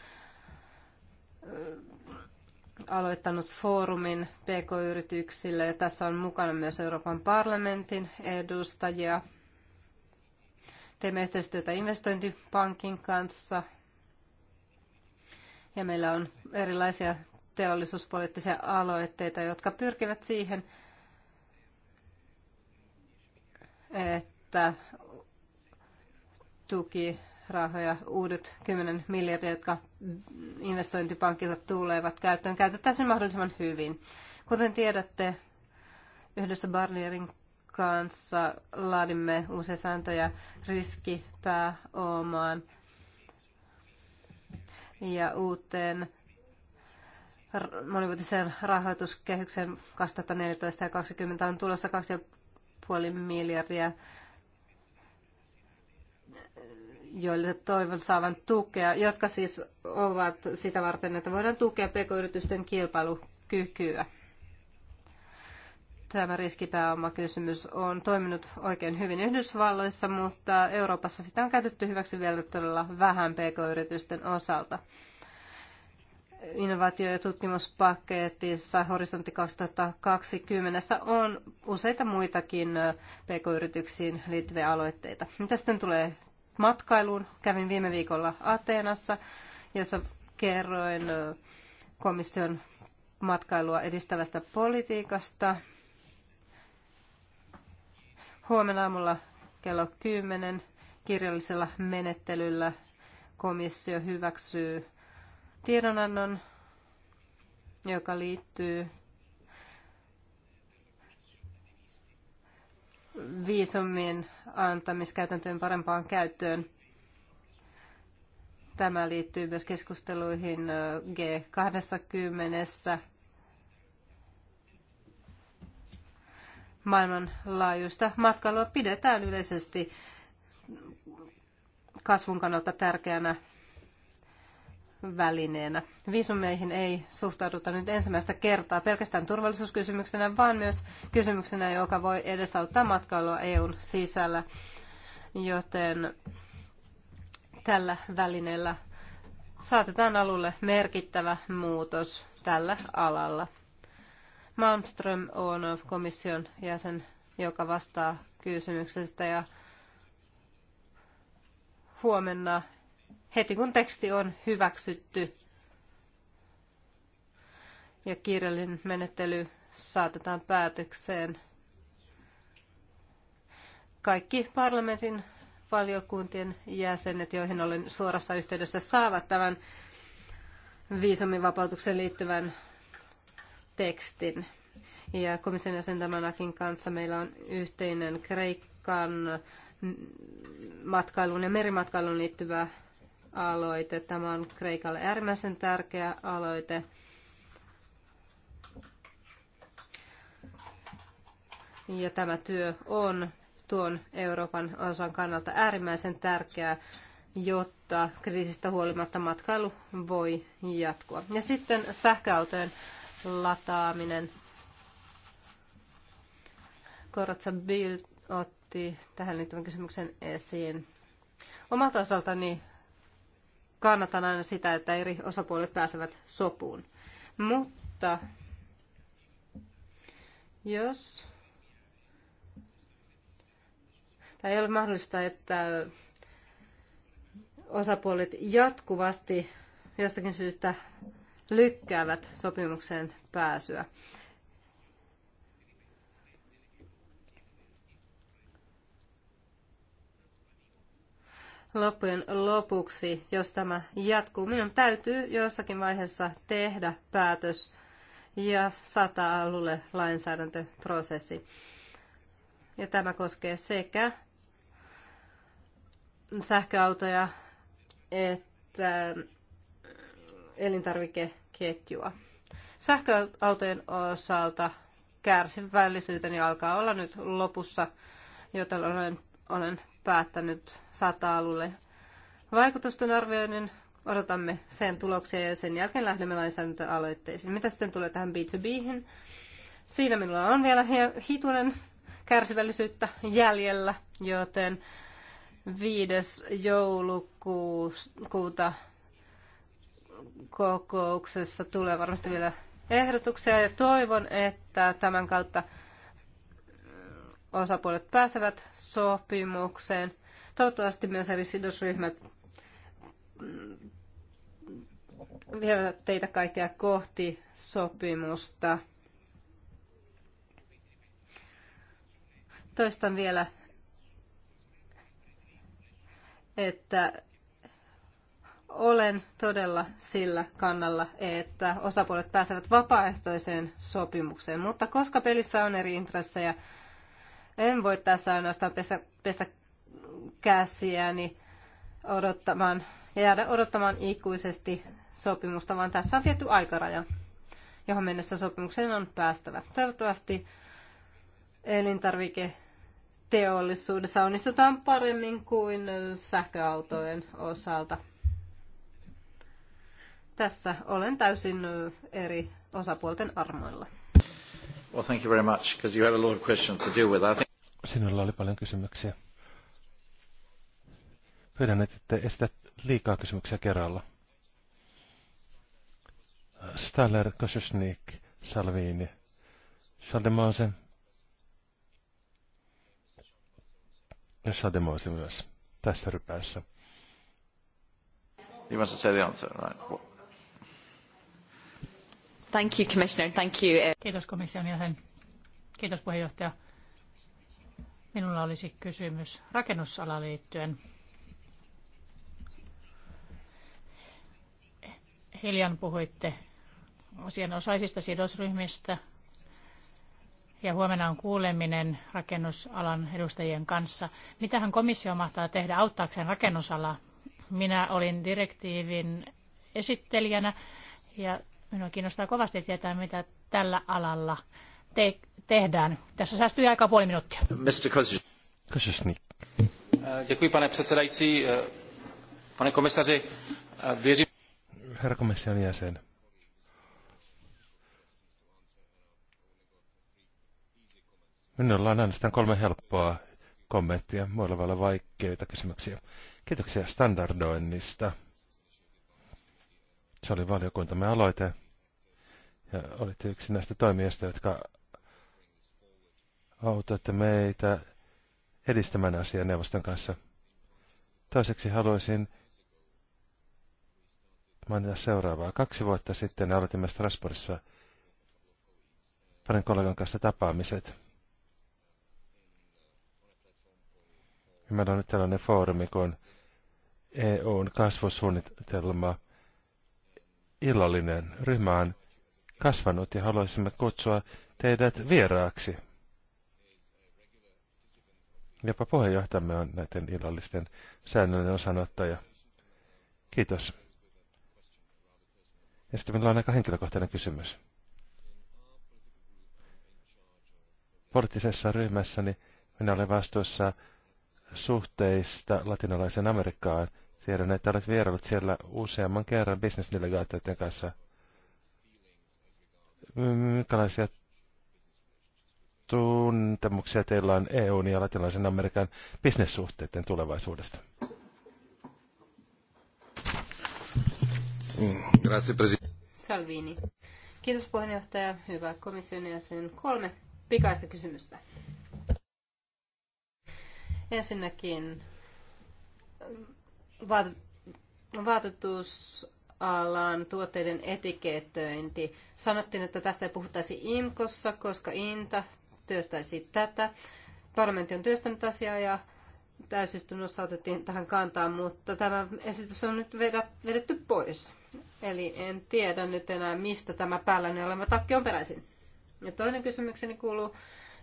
aloittanut foorumin pk-yrityksille ja tässä on mukana myös Euroopan parlamentin edustajia. Teemme yhteistyötä investointipankin kanssa ja meillä on erilaisia teollisuuspoliittisia aloitteita, jotka pyrkivät siihen, että rahoja, uudet 10 miljardia, jotka investointipankilta tulevat käyttöön, käytettäisiin mahdollisimman hyvin. Kuten tiedätte, yhdessä Barnierin kanssa laadimme uusia sääntöjä riskipääomaan ja uuteen monivuotiseen rahoituskehykseen 2014 ja 2020 on tulossa 2,5 miljardia, joille toivon saavan tukea, jotka siis ovat sitä varten, että voidaan tukea pk-yritysten kilpailukykyä. Tämä riskipääomakysymys on toiminut oikein hyvin Yhdysvalloissa, mutta Euroopassa sitä on käytetty hyväksi vielä todella vähän pk-yritysten osalta innovaatio- ja tutkimuspaketissa Horisontti 2020 on useita muitakin pk-yrityksiin liittyviä aloitteita. Mitä sitten tulee matkailuun? Kävin viime viikolla Ateenassa, jossa kerroin komission matkailua edistävästä politiikasta. Huomenna aamulla kello 10 kirjallisella menettelyllä komissio hyväksyy tiedonannon, joka liittyy viisumien antamiskäytäntöjen parempaan käyttöön. Tämä liittyy myös keskusteluihin G20 maailmanlaajuista matkailua pidetään yleisesti kasvun kannalta tärkeänä välineenä. Viisumeihin ei suhtauduta nyt ensimmäistä kertaa pelkästään turvallisuuskysymyksenä, vaan myös kysymyksenä, joka voi edesauttaa matkailua EUn sisällä. Joten tällä välineellä saatetaan alulle merkittävä muutos tällä alalla. Malmström on komission jäsen, joka vastaa kysymyksestä ja huomenna heti kun teksti on hyväksytty ja kirjallinen menettely saatetaan päätökseen. Kaikki parlamentin valiokuntien jäsenet, joihin olen suorassa yhteydessä, saavat tämän viisumivapautukseen liittyvän tekstin. Ja komission jäsen kanssa meillä on yhteinen Kreikkaan matkailuun ja merimatkailuun liittyvä aloite. Tämä on Kreikalle äärimmäisen tärkeä aloite. Ja tämä työ on tuon Euroopan osan kannalta äärimmäisen tärkeää, jotta kriisistä huolimatta matkailu voi jatkua. Ja sitten sähköautojen lataaminen. Koratsa Bild otti tähän liittyvän kysymyksen esiin. Omalta osaltani kannatan aina sitä, että eri osapuolet pääsevät sopuun. Mutta jos tai ei ole mahdollista, että osapuolet jatkuvasti jostakin syystä lykkäävät sopimukseen pääsyä. loppujen lopuksi, jos tämä jatkuu, minun täytyy jossakin vaiheessa tehdä päätös ja saattaa alulle lainsäädäntöprosessi. Ja tämä koskee sekä sähköautoja että elintarvikeketjua. Sähköautojen osalta kärsivällisyyteni alkaa olla nyt lopussa, joten olen, olen päättänyt sata alulle vaikutusten arvioinnin. Odotamme sen tuloksia ja sen jälkeen lähdemme lainsäädäntöaloitteisiin. Mitä sitten tulee tähän B2Bhin? Siinä minulla on vielä hitunen kärsivällisyyttä jäljellä, joten 5. joulukuuta kokouksessa tulee varmasti vielä ehdotuksia ja toivon, että tämän kautta osapuolet pääsevät sopimukseen. Toivottavasti myös eri sidosryhmät mm, vievät teitä kaikkia kohti sopimusta. Toistan vielä, että olen todella sillä kannalla, että osapuolet pääsevät vapaaehtoiseen sopimukseen, mutta koska pelissä on eri intressejä, en voi tässä ainoastaan pestä, pestä käsiäni odottamaan ja jäädä odottamaan ikuisesti sopimusta, vaan tässä on tietty aikaraja, johon mennessä sopimukseen on päästävä. Toivottavasti elintarvike teollisuudessa onnistutaan paremmin kuin sähköautojen osalta. Tässä olen täysin eri osapuolten armoilla. Well, thank you very much, because you had a lot of questions to deal with. I think sinulla oli paljon kysymyksiä. Pyydän, että esitä liikaa kysymyksiä kerralla. Staller, Kosusnik, Salvini, Schaldemose. ja Schaldemose myös tässä rypäässä. You must say the answer, right? Thank you, Commissioner. Thank you. Uh, Kiitos komission jäsen. Kiitos puheenjohtaja. Minulla olisi kysymys rakennusalaan liittyen. Hiljan puhuitte asianosaisista sidosryhmistä ja huomenna on kuuleminen rakennusalan edustajien kanssa. Mitähän komissio mahtaa tehdä auttaakseen rakennusalaa? Minä olin direktiivin esittelijänä ja minua kiinnostaa kovasti tietää, mitä tällä alalla te- tehdään. Tässä säästyy aika puoli minuuttia. Mr. Kozusnik. Děkuji, pane předsedající. Pane komisaři, věřím... Herra komission jäsen. Minulla on ainoastaan kolme helppoa kommenttia, muilla voi olla vaikeita kysymyksiä. Kiitoksia standardoinnista. Se oli valiokuntamme aloite. Ja olitte yksi näistä toimijoista, jotka autatte meitä edistämään asiaa neuvoston kanssa. Toiseksi haluaisin mainita seuraavaa. Kaksi vuotta sitten aloitimme Strasbourgissa parin kollegan kanssa tapaamiset. Ja meillä on nyt tällainen foorumi kuin EUn kasvusuunnitelma. Illallinen ryhmä on kasvanut ja haluaisimme kutsua teidät vieraaksi. Jopa puheenjohtajamme on näiden illallisten säännöllinen osanottaja. Kiitos. Ja sitten minulla on aika henkilökohtainen kysymys. Poliittisessa ryhmässäni minä olen vastuussa suhteista latinalaiseen Amerikkaan. Tiedän, että olet vierailut siellä useamman kerran bisnesdelegaatioiden kanssa. Minkälaisia tuntemuksia teillä on EUn ja latinalaisen Amerikan bisnessuhteiden tulevaisuudesta? Salvini. Kiitos puheenjohtaja. Hyvä komission jäsen. Kolme pikaista kysymystä. Ensinnäkin vaat- vaatetusalan tuotteiden etiketöinti. Sanottiin, että tästä ei puhuttaisi IMKossa, koska INTA työstäisi tätä. Parlamentti on työstänyt asiaa ja täysistunnossa otettiin tähän kantaa, mutta tämä esitys on nyt vedetty pois. Eli en tiedä nyt enää, mistä tämä päälläni oleva takki on peräisin. Ja toinen kysymykseni kuuluu,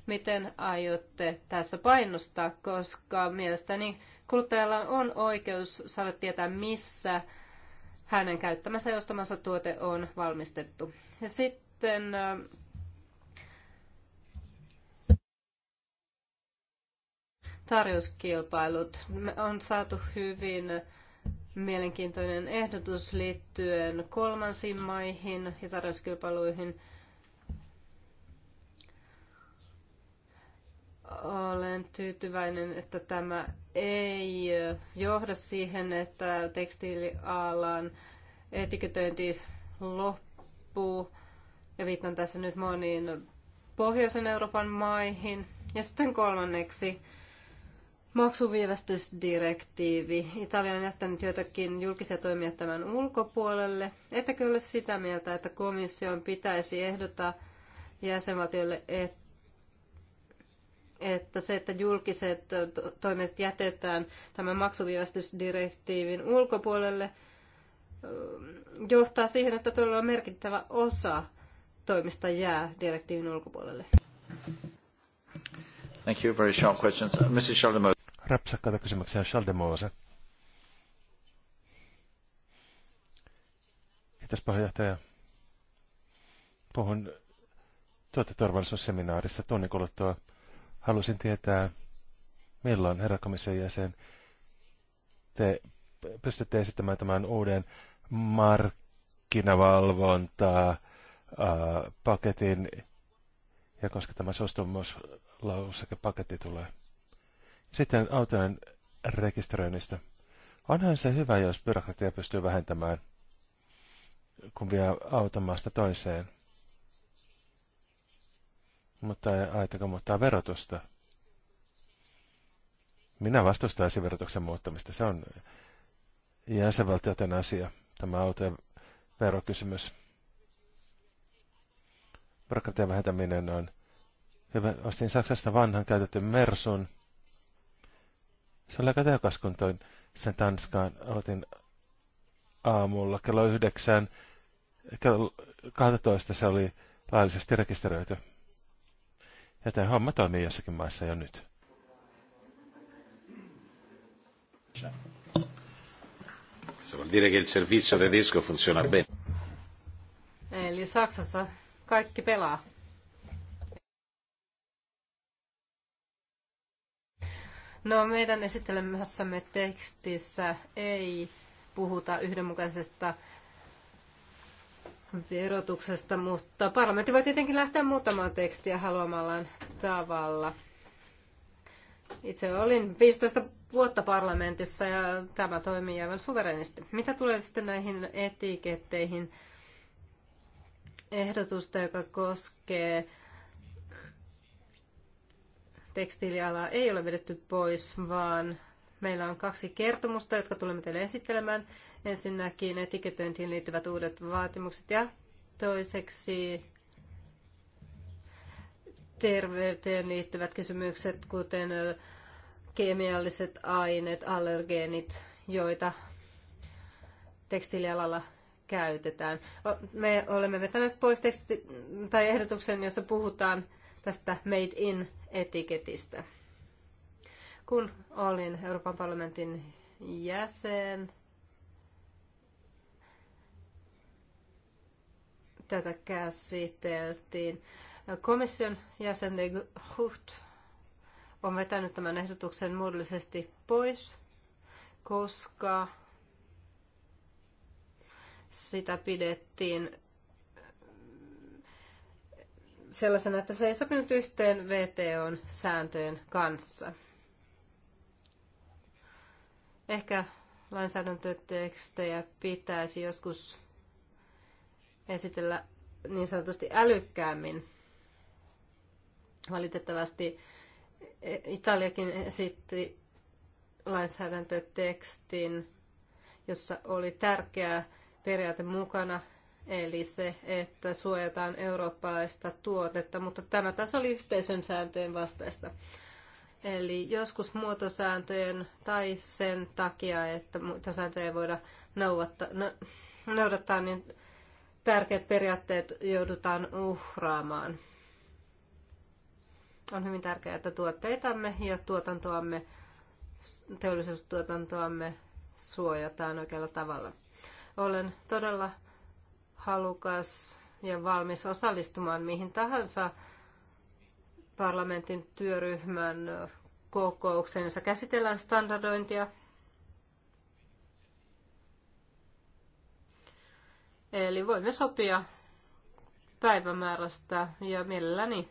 miten aiotte tässä painostaa, koska mielestäni kuluttajalla on oikeus saada tietää, missä hänen käyttämänsä ja ostamansa tuote on valmistettu. Ja sitten tarjouskilpailut. Me on saatu hyvin mielenkiintoinen ehdotus liittyen kolmansiin maihin ja tarjouskilpailuihin. Olen tyytyväinen, että tämä ei johda siihen, että tekstiilialan etiketöinti loppuu. Ja viittaan tässä nyt moniin Pohjoisen Euroopan maihin. Ja sitten kolmanneksi maksuviivästysdirektiivi. Italia on jättänyt joitakin julkisia toimia tämän ulkopuolelle. Ettäkö ole sitä mieltä, että komission pitäisi ehdottaa jäsenvaltioille, että se, että julkiset toimet jätetään tämän maksuviivästysdirektiivin ulkopuolelle, johtaa siihen, että todella merkittävä osa toimista jää direktiivin ulkopuolelle? Thank you. Very questions. Mrs räpsäkkäitä kysymyksiä Charles de Mose. Kiitos puheenjohtaja. Puhun tuoteturvallisuusseminaarissa tunnin kuluttua. Halusin tietää, milloin herra komission jäsen te pystytte esittämään tämän uuden markkinavalvontaa paketin ja koska tämä suostumuslausekepaketti tulee. Sitten autojen rekisteröinnistä. Onhan se hyvä, jos byrokratia pystyy vähentämään, kun vie automaasta toiseen. Mutta ei aitakaan muuttaa verotusta. Minä vastustaisin verotuksen muuttamista. Se on jäsenvaltioiden asia, tämä autojen verokysymys. Byrokratian vähentäminen on hyvä. Ostin Saksasta vanhan käytetty Mersun se oli aika tehokas, kun toin sen Tanskaan. Aloitin aamulla kello yhdeksän. Kello 12 se oli laillisesti rekisteröity. Ja tämä homma toimii jossakin maissa jo nyt. Se vuol dire che il servizio tedesco funziona bene. Eli Saksassa kaikki pelaa. No meidän esittelemässämme tekstissä ei puhuta yhdenmukaisesta verotuksesta, mutta parlamentti voi tietenkin lähteä muuttamaan tekstiä haluamallaan tavalla. Itse olin 15 vuotta parlamentissa ja tämä toimii aivan suverenisti. Mitä tulee sitten näihin etiketteihin? Ehdotusta, joka koskee tekstiilialaa ei ole vedetty pois, vaan meillä on kaksi kertomusta, jotka tulemme teille esittelemään. Ensinnäkin etiketointiin liittyvät uudet vaatimukset ja toiseksi terveyteen liittyvät kysymykset, kuten kemialliset aineet, allergeenit, joita tekstiilialalla käytetään. Me olemme vetäneet pois teksti- tai ehdotuksen, jossa puhutaan tästä Made in-etiketistä. Kun olin Euroopan parlamentin jäsen, tätä käsiteltiin. Komission jäsen de on vetänyt tämän ehdotuksen muodollisesti pois, koska sitä pidettiin sellaisena, että se ei sopinut yhteen VTOn sääntöjen kanssa. Ehkä lainsäädäntötekstejä pitäisi joskus esitellä niin sanotusti älykkäämmin. Valitettavasti Italiakin esitti lainsäädäntötekstin, jossa oli tärkeä periaate mukana, eli se, että suojataan eurooppalaista tuotetta, mutta tämä taas oli yhteisön sääntöjen vastaista. Eli joskus muotosääntöjen tai sen takia, että muita sääntöjä ei voida noudattaa, niin tärkeät periaatteet joudutaan uhraamaan. On hyvin tärkeää, että tuotteitamme ja tuotantoamme, teollisuustuotantoamme suojataan oikealla tavalla. Olen todella halukas ja valmis osallistumaan mihin tahansa parlamentin työryhmän kokoukseen, jossa käsitellään standardointia. Eli voimme sopia päivämäärästä ja mielelläni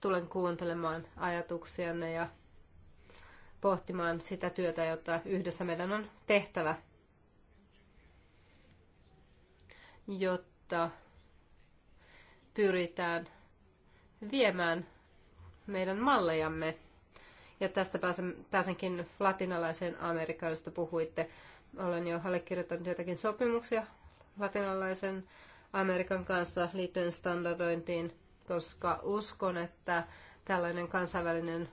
tulen kuuntelemaan ajatuksianne ja pohtimaan sitä työtä, jota yhdessä meidän on tehtävä. jotta pyritään viemään meidän mallejamme. Ja tästä pääsen, pääsenkin latinalaiseen Amerikkaan, josta puhuitte. Olen jo allekirjoittanut jotakin sopimuksia latinalaisen Amerikan kanssa liittyen standardointiin, koska uskon, että tällainen kansainvälinen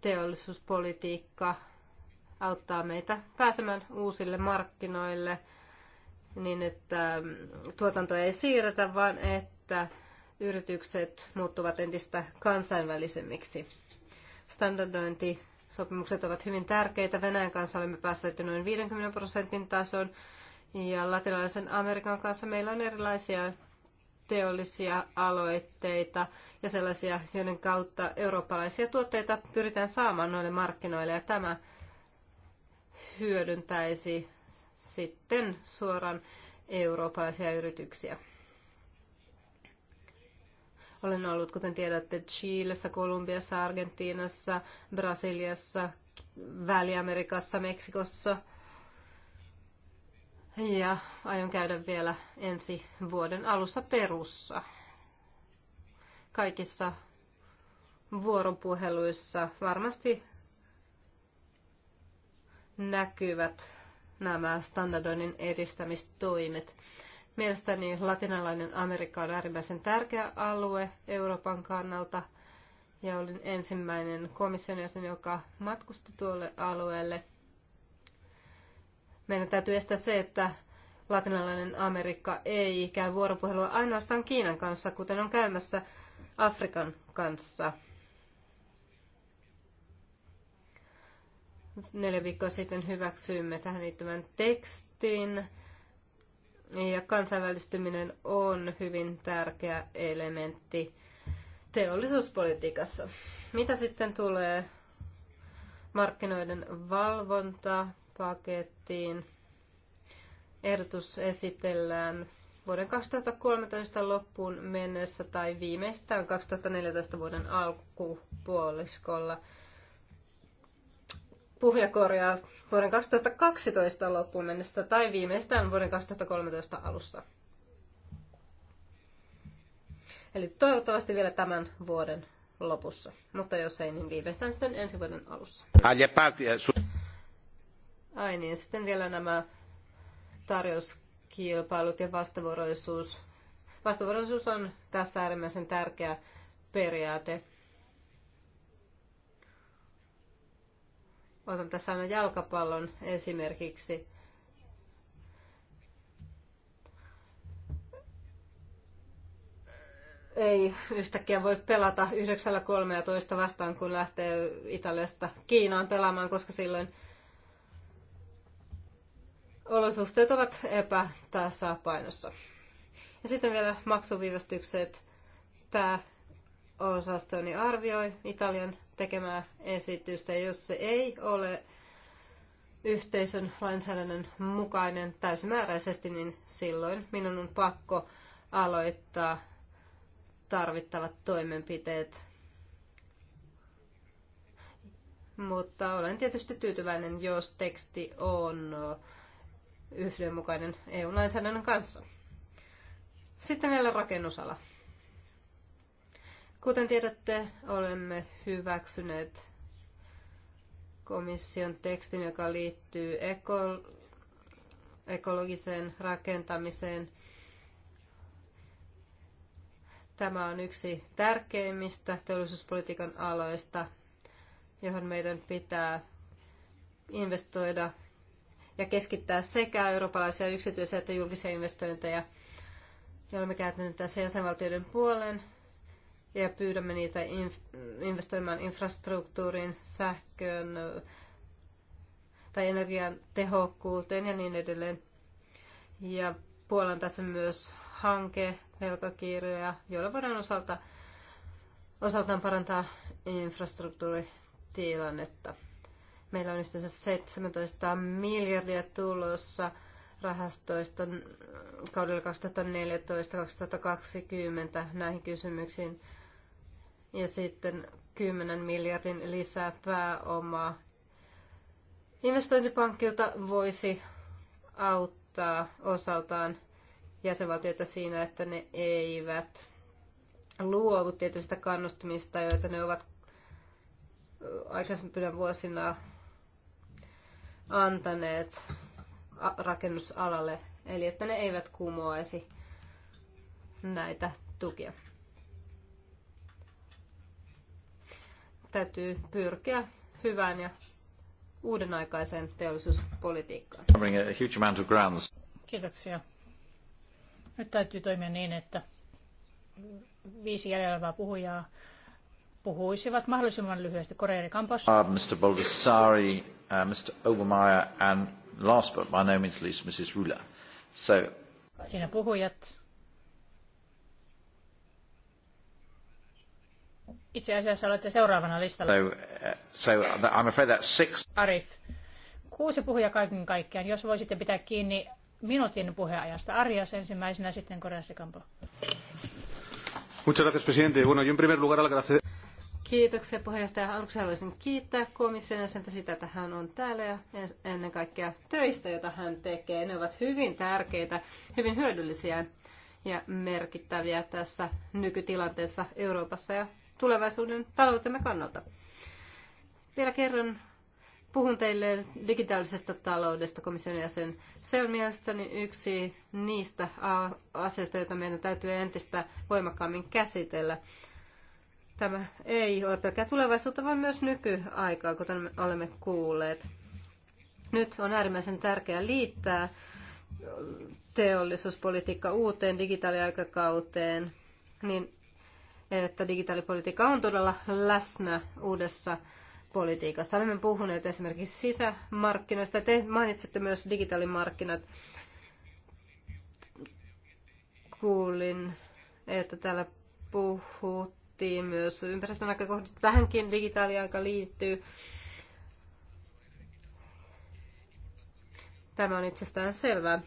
teollisuuspolitiikka auttaa meitä pääsemään uusille markkinoille – niin että mm, tuotanto ei siirretä, vaan että yritykset muuttuvat entistä kansainvälisemmiksi. Standardointi Sopimukset ovat hyvin tärkeitä. Venäjän kanssa olemme päässeet noin 50 prosentin tason. Ja latinalaisen Amerikan kanssa meillä on erilaisia teollisia aloitteita ja sellaisia, joiden kautta eurooppalaisia tuotteita pyritään saamaan noille markkinoille. Ja tämä hyödyntäisi sitten suoraan eurooppalaisia yrityksiä. Olen ollut, kuten tiedätte, Chiilessä, Kolumbiassa, Argentiinassa, Brasiliassa, Väli-Amerikassa, Meksikossa. Ja aion käydä vielä ensi vuoden alussa Perussa. Kaikissa vuoropuheluissa varmasti näkyvät nämä standardoinnin edistämistoimet. Mielestäni latinalainen Amerikka on äärimmäisen tärkeä alue Euroopan kannalta ja olin ensimmäinen komission jäsen, joka matkusti tuolle alueelle. Meidän täytyy estää se, että latinalainen Amerikka ei käy vuoropuhelua ainoastaan Kiinan kanssa, kuten on käymässä Afrikan kanssa. Neljä viikkoa sitten hyväksyimme tähän liittyvän tekstin. Ja kansainvälistyminen on hyvin tärkeä elementti teollisuuspolitiikassa. Mitä sitten tulee markkinoiden valvontapakettiin? Ehdotus esitellään vuoden 2013 loppuun mennessä tai viimeistään 2014 vuoden alkupuoliskolla puhuja vuoden 2012 loppuun mennessä tai viimeistään vuoden 2013 alussa. Eli toivottavasti vielä tämän vuoden lopussa, mutta jos ei, niin viimeistään sitten ensi vuoden alussa. Ai niin, sitten vielä nämä tarjouskilpailut ja vastavuoroisuus. Vastavuoroisuus on tässä äärimmäisen tärkeä periaate. Otan tässä aina jalkapallon esimerkiksi. Ei yhtäkkiä voi pelata 9.13 vastaan, kun lähtee Italiasta Kiinaan pelaamaan, koska silloin olosuhteet ovat epätasapainossa. Ja sitten vielä maksuviivästykset. Pääosastoni arvioi Italian tekemää esitystä. Jos se ei ole yhteisön lainsäädännön mukainen täysimääräisesti, niin silloin minun on pakko aloittaa tarvittavat toimenpiteet. Mutta olen tietysti tyytyväinen, jos teksti on yhdenmukainen EU-lainsäädännön kanssa. Sitten vielä rakennusala. Kuten tiedätte, olemme hyväksyneet komission tekstin, joka liittyy eko- ekologiseen rakentamiseen. Tämä on yksi tärkeimmistä teollisuuspolitiikan aloista, johon meidän pitää investoida ja keskittää sekä eurooppalaisia yksityisiä että julkisia investointeja. Ja olemme kääntyneet tässä jäsenvaltioiden puoleen ja pyydämme niitä investoimaan infrastruktuuriin, sähköön tai energian tehokkuuteen ja niin edelleen. Ja Puolan tässä myös hanke, velkakirjoja, joilla voidaan osalta, osaltaan parantaa infrastruktuuritilannetta. Meillä on yhteensä 17 miljardia tulossa rahastoista kaudella 2014-2020 näihin kysymyksiin ja sitten 10 miljardin lisää pääomaa investointipankilta voisi auttaa osaltaan jäsenvaltioita siinä, että ne eivät luovu tietystä kannustamista, joita ne ovat aikaisempina vuosina antaneet rakennusalalle, eli että ne eivät kumoaisi näitä tukia. täytyy pyrkiä hyvään ja uudenaikaiseen teollisuuspolitiikkaan. Kiitoksia. Nyt täytyy toimia niin, että viisi jäljellä olevaa puhujaa puhuisivat mahdollisimman lyhyesti. Koreeri Kampos. Uh, Mr. Baldessari, uh, Mr. Obermeyer and last but by no means least Mrs. Ruler. So... Siinä puhujat Itse asiassa olette seuraavana listalla. So, uh, so uh, I'm afraid that six. Arif, kuusi puhuja kaiken kaikkiaan. Jos voisitte pitää kiinni minuutin puheajasta. Arias ensimmäisenä, sitten Correas de Campo. Muchas gracias, presidente. Bueno, yo en primer lugar agradecer... Kiitoksia puheenjohtaja. Aluksi haluaisin kiittää komission jäsentä sitä, että hän on täällä ja ennen kaikkea töistä, joita hän tekee. Ne ovat hyvin tärkeitä, hyvin hyödyllisiä ja merkittäviä tässä nykytilanteessa Euroopassa ja tulevaisuuden taloutemme kannalta. Vielä kerran puhun teille digitaalisesta taloudesta komission jäsen. Se on mielestäni yksi niistä asioista, joita meidän täytyy entistä voimakkaammin käsitellä. Tämä ei ole pelkkää tulevaisuutta, vaan myös nykyaikaa, kuten olemme kuulleet. Nyt on äärimmäisen tärkeää liittää teollisuuspolitiikka uuteen digitaaliaikakauteen, niin että digitaalipolitiikka on todella läsnä uudessa politiikassa. Olemme puhuneet esimerkiksi sisämarkkinoista. Te mainitsette myös digitaalimarkkinat. Kuulin, että täällä puhuttiin myös ympäristön näkökohdista. Tähänkin digitaaliaika liittyy. Tämä on itsestään selvää.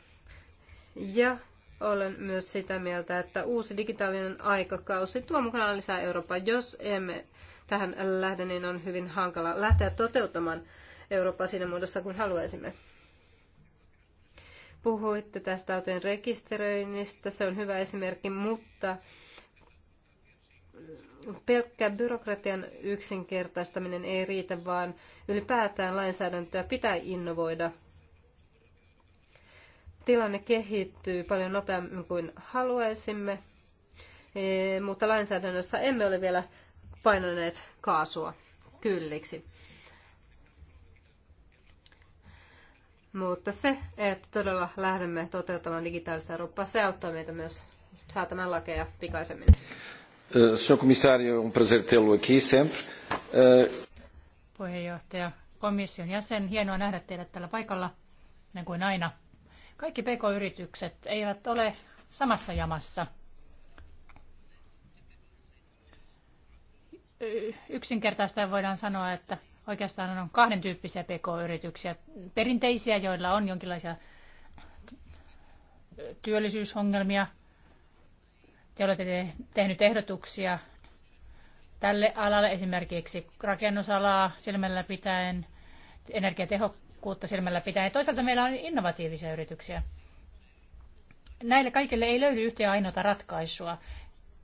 Ja olen myös sitä mieltä, että uusi digitaalinen aikakausi tuo mukanaan lisää Eurooppaa. Jos emme tähän lähde, niin on hyvin hankala lähteä toteuttamaan Eurooppaa siinä muodossa, kun haluaisimme. Puhuitte tästä autojen rekisteröinnistä, se on hyvä esimerkki, mutta pelkkä byrokratian yksinkertaistaminen ei riitä, vaan ylipäätään lainsäädäntöä pitää innovoida tilanne kehittyy paljon nopeammin kuin haluaisimme, e, mutta lainsäädännössä emme ole vielä painoneet kaasua kylliksi. Mutta se, että todella lähdemme toteuttamaan digitaalista Eurooppaa, se auttaa meitä myös säätämään lakeja pikaisemmin. Senhor Comissário, um prazer tê aqui sempre. Puheenjohtaja, komission jäsen, hienoa nähdä teidät tällä paikalla, niin kuin aina. Kaikki pk-yritykset eivät ole samassa jamassa. Yksinkertaista voidaan sanoa, että oikeastaan on kahden tyyppisiä pk-yrityksiä. Perinteisiä, joilla on jonkinlaisia työllisyysongelmia. Te olette tehneet ehdotuksia tälle alalle esimerkiksi rakennusalaa silmällä pitäen, energiatehokkuutta tehokkuutta silmällä pitää. Ja toisaalta meillä on innovatiivisia yrityksiä. Näille kaikille ei löydy yhtä ainoata ratkaisua.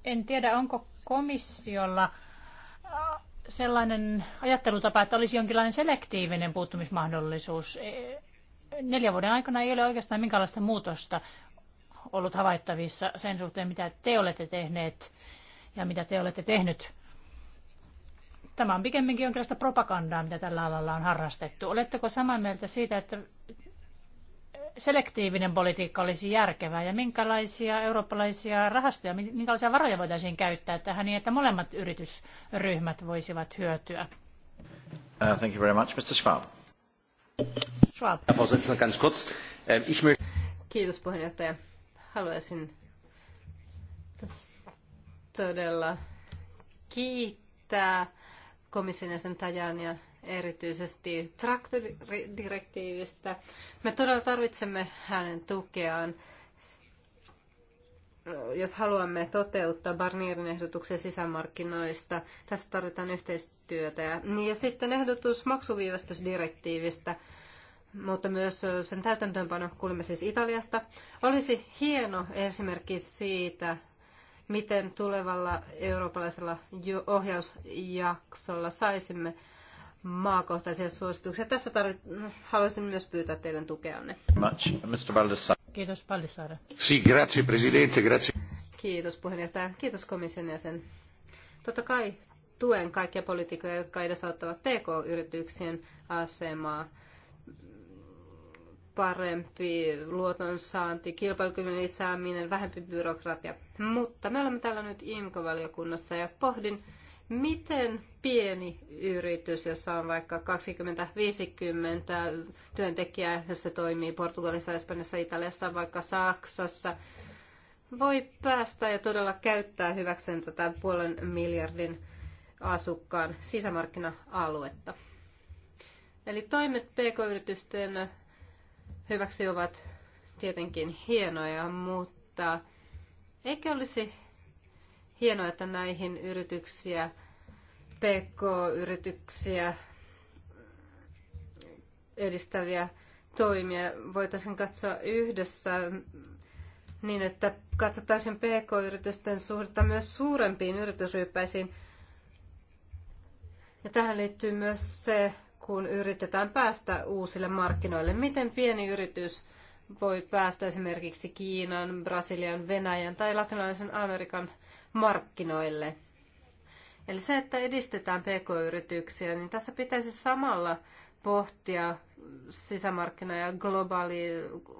En tiedä, onko komissiolla äh, sellainen ajattelutapa, että olisi jonkinlainen selektiivinen puuttumismahdollisuus. E, neljän vuoden aikana ei ole oikeastaan minkäänlaista muutosta ollut havaittavissa sen suhteen, mitä te olette tehneet ja mitä te olette tehnyt Tämä on pikemminkin jonkinlaista propagandaa, mitä tällä alalla on harrastettu. Oletteko samaa mieltä siitä, että selektiivinen politiikka olisi järkevää ja minkälaisia eurooppalaisia rahastoja, minkälaisia varoja voitaisiin käyttää tähän niin, että molemmat yritysryhmät voisivat hyötyä? Uh, thank you very much, Mr. Schwab. Schwab. Ähm, Kiitos puheenjohtaja. Haluaisin todella kiittää komission jäsen Tajania erityisesti traktoridirektiivistä. Me todella tarvitsemme hänen tukeaan, jos haluamme toteuttaa Barnierin ehdotuksen sisämarkkinoista. Tässä tarvitaan yhteistyötä. Ja, niin, ja sitten ehdotus maksuviivästysdirektiivistä mutta myös sen täytäntöönpano, kuulimme siis Italiasta, olisi hieno esimerkki siitä, miten tulevalla eurooppalaisella ohjausjaksolla saisimme maakohtaisia suosituksia. Tässä tarvit- haluaisin myös pyytää teidän tukeanne. Much, Mr. Kiitos Pallisaare. Si, grazie presidente, grazie. Kiitos puheenjohtaja, kiitos komission jäsen. Totta kai tuen kaikkia poliitikkoja, jotka edesauttavat PK-yrityksien asemaa parempi luotonsaanti, kilpailukyvyn lisääminen, vähempi byrokratia. Mutta me olemme täällä nyt IMKO-valiokunnassa ja pohdin, miten pieni yritys, jossa on vaikka 20-50 työntekijää, jos se toimii Portugalissa, Espanjassa, Italiassa, vaikka Saksassa, voi päästä ja todella käyttää hyväkseen tätä puolen miljardin asukkaan sisämarkkina-aluetta. Eli toimet pk-yritysten hyväksi ovat tietenkin hienoja, mutta eikö olisi hienoa, että näihin yrityksiä, PK-yrityksiä edistäviä toimia voitaisiin katsoa yhdessä niin, että katsottaisiin PK-yritysten suhdetta myös suurempiin yritysryppäisiin. Ja tähän liittyy myös se kun yritetään päästä uusille markkinoille. Miten pieni yritys voi päästä esimerkiksi Kiinan, Brasilian, Venäjän tai latinalaisen Amerikan markkinoille? Eli se, että edistetään pk-yrityksiä, niin tässä pitäisi samalla pohtia sisämarkkina- ja globaali,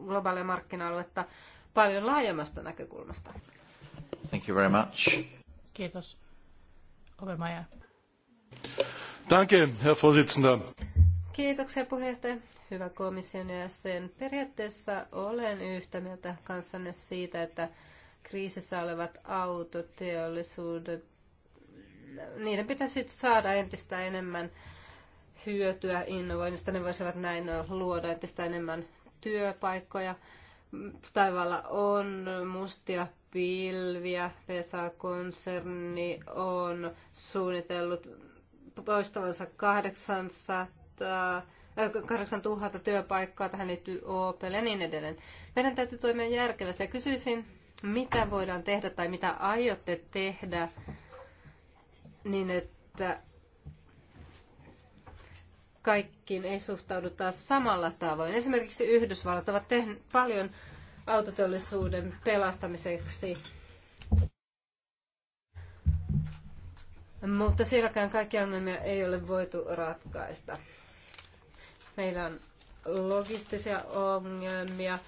globaalia markkina-aluetta paljon laajemmasta näkökulmasta. Thank you very much. Kiitos. Obermeier. Danke, Herr Vorsitzender. Kiitoksia puheenjohtaja. Hyvä komission jäsen. Periaatteessa olen yhtä mieltä kanssanne siitä, että kriisissä olevat autoteollisuudet, niiden pitäisi saada entistä enemmän hyötyä innovoinnista. Ne voisivat näin luoda entistä enemmän työpaikkoja. Taivaalla on mustia pilviä. PSA-konserni on suunnitellut poistavansa 800 8000 äh, työpaikkaa, tähän liittyy Opel ja niin edelleen. Meidän täytyy toimia järkevästi ja kysyisin, mitä voidaan tehdä tai mitä aiotte tehdä niin, että kaikkiin ei suhtauduta samalla tavoin. Esimerkiksi Yhdysvallat ovat tehneet paljon autoteollisuuden pelastamiseksi mutta sielläkään kaikkia ongelmia ei ole voitu ratkaista. Meillä on logistisia ongelmia,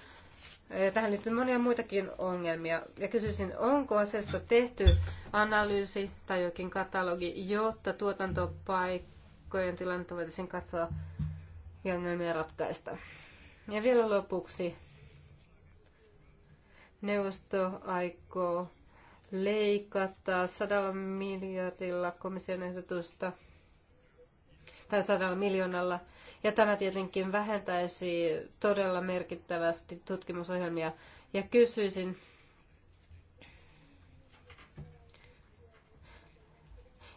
ja tähän liittyy monia muitakin ongelmia. Ja kysyisin, onko asiasta tehty analyysi tai jokin katalogi, jotta tuotantopaikkojen tilannetta voitaisiin katsoa ja ongelmia ratkaista. Ja vielä lopuksi. Neuvosto aikoo leikata sadalla miljardilla komission ehdotusta tai sadalla miljoonalla. Ja tämä tietenkin vähentäisi todella merkittävästi tutkimusohjelmia. Ja kysyisin,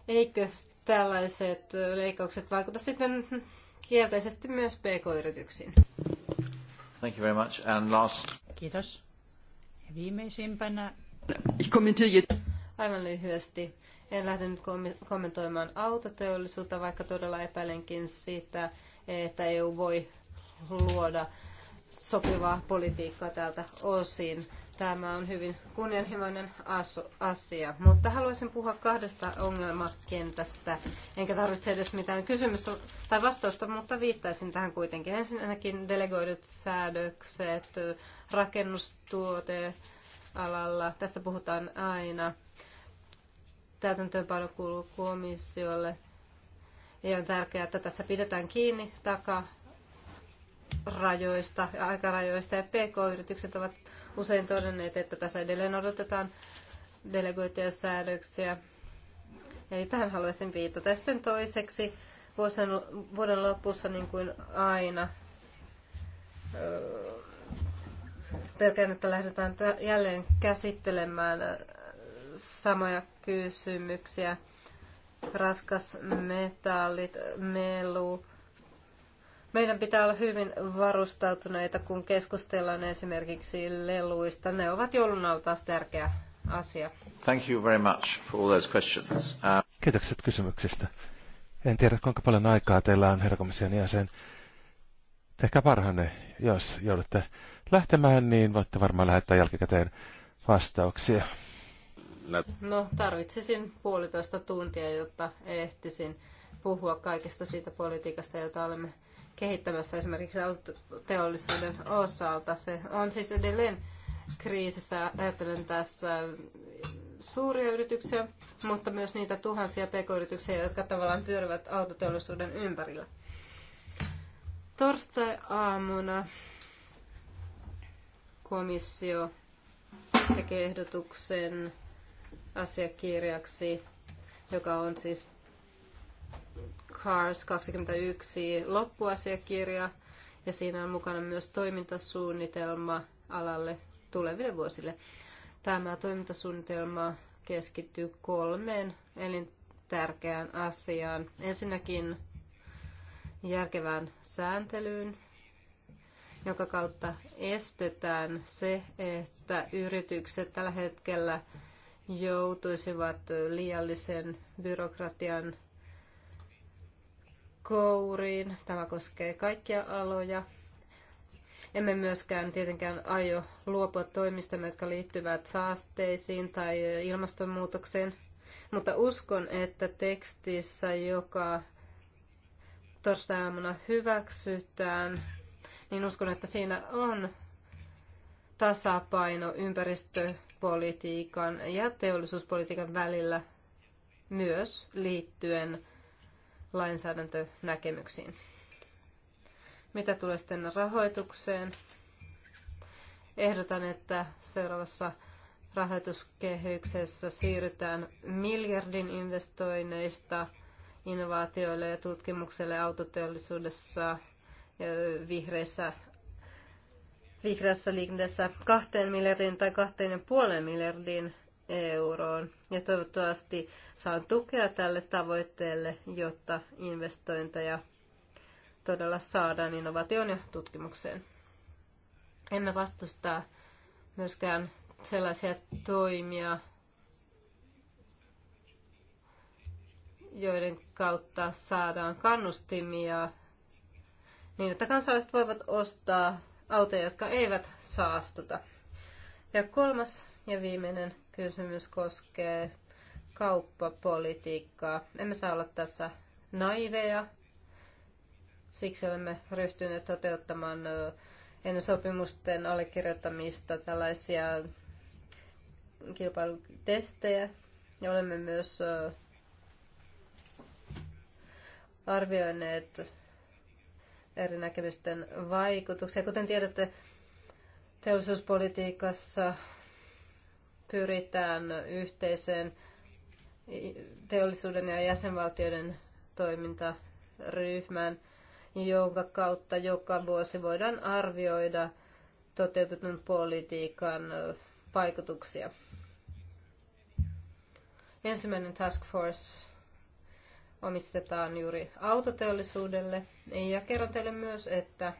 eikö tällaiset leikkaukset vaikuta sitten kielteisesti myös pk-yrityksiin? Thank you very much. And last... Kiitos. Ja viimeisimpänä Ich kommentiere Aivan lyhyesti. En lähde nyt kommentoimaan autoteollisuutta, vaikka todella epäilenkin sitä, että EU voi luoda sopivaa politiikkaa tältä osin. Tämä on hyvin kunnianhimoinen asia, mutta haluaisin puhua kahdesta ongelmakentästä. Enkä tarvitse edes mitään kysymystä tai vastausta, mutta viittaisin tähän kuitenkin. Ensinnäkin delegoidut säädökset, rakennustuote, alalla. tässä puhutaan aina. Täytäntöönpano kuuluu komissiolle. Ja on tärkeää, että tässä pidetään kiinni takarajoista ja aikarajoista. Ja PK-yritykset ovat usein todenneet, että tässä edelleen odotetaan delegoituja säädöksiä. Eli tähän haluaisin viitata. Sitten toiseksi vuoden lopussa, niin kuin aina, öö, Pelkään, että lähdetään jälleen käsittelemään äh, samoja kysymyksiä. Raskas metallit, melu. Meidän pitää olla hyvin varustautuneita, kun keskustellaan esimerkiksi leluista. Ne ovat joulun taas tärkeä asia. Thank you very much for all those questions. Uh... Kiitokset kysymyksistä. En tiedä, kuinka paljon aikaa teillä on herkomission jäsen. Tehkää parhaanne, jos joudutte lähtemään, niin voitte varmaan lähettää jälkikäteen vastauksia. No, tarvitsisin puolitoista tuntia, jotta ehtisin puhua kaikesta siitä politiikasta, jota olemme kehittämässä esimerkiksi teollisuuden osalta. Se on siis edelleen kriisissä, ajattelen tässä suuria yrityksiä, mutta myös niitä tuhansia pk-yrityksiä, jotka tavallaan pyörivät autoteollisuuden ympärillä. Torstai-aamuna komissio tekee ehdotuksen asiakirjaksi, joka on siis CARS 21 loppuasiakirja, ja siinä on mukana myös toimintasuunnitelma alalle tuleville vuosille. Tämä toimintasuunnitelma keskittyy kolmeen elintärkeään asiaan. Ensinnäkin järkevään sääntelyyn, jonka kautta estetään se, että yritykset tällä hetkellä joutuisivat liiallisen byrokratian kouriin. Tämä koskee kaikkia aloja. Emme myöskään tietenkään aio luopua toimista, jotka liittyvät saasteisiin tai ilmastonmuutokseen, mutta uskon, että tekstissä, joka torstai-aamuna hyväksytään, niin uskon, että siinä on tasapaino ympäristöpolitiikan ja teollisuuspolitiikan välillä myös liittyen lainsäädäntönäkemyksiin. Mitä tulee sitten rahoitukseen? Ehdotan, että seuraavassa rahoituskehyksessä siirrytään miljardin investoinneista innovaatioille ja tutkimukselle autoteollisuudessa vihreissä vihreässä liikenteessä kahteen miljardiin tai kahteen ja puoleen miljardiin euroon. Ja toivottavasti saan tukea tälle tavoitteelle, jotta investointeja todella saadaan innovaation ja tutkimukseen. Emme vastusta myöskään sellaisia toimia, joiden kautta saadaan kannustimia niin että kansalaiset voivat ostaa autoja, jotka eivät saastuta. Ja kolmas ja viimeinen kysymys koskee kauppapolitiikkaa. Emme saa olla tässä naiveja. Siksi olemme ryhtyneet toteuttamaan ennen sopimusten allekirjoittamista tällaisia kilpailutestejä. Ja olemme myös arvioineet eri näkemysten vaikutuksia. Kuten tiedätte, teollisuuspolitiikassa pyritään yhteiseen teollisuuden ja jäsenvaltioiden toimintaryhmään, jonka kautta joka vuosi voidaan arvioida toteutetun politiikan vaikutuksia. Ensimmäinen task force omistetaan juuri autoteollisuudelle. Ja kerron teille myös, että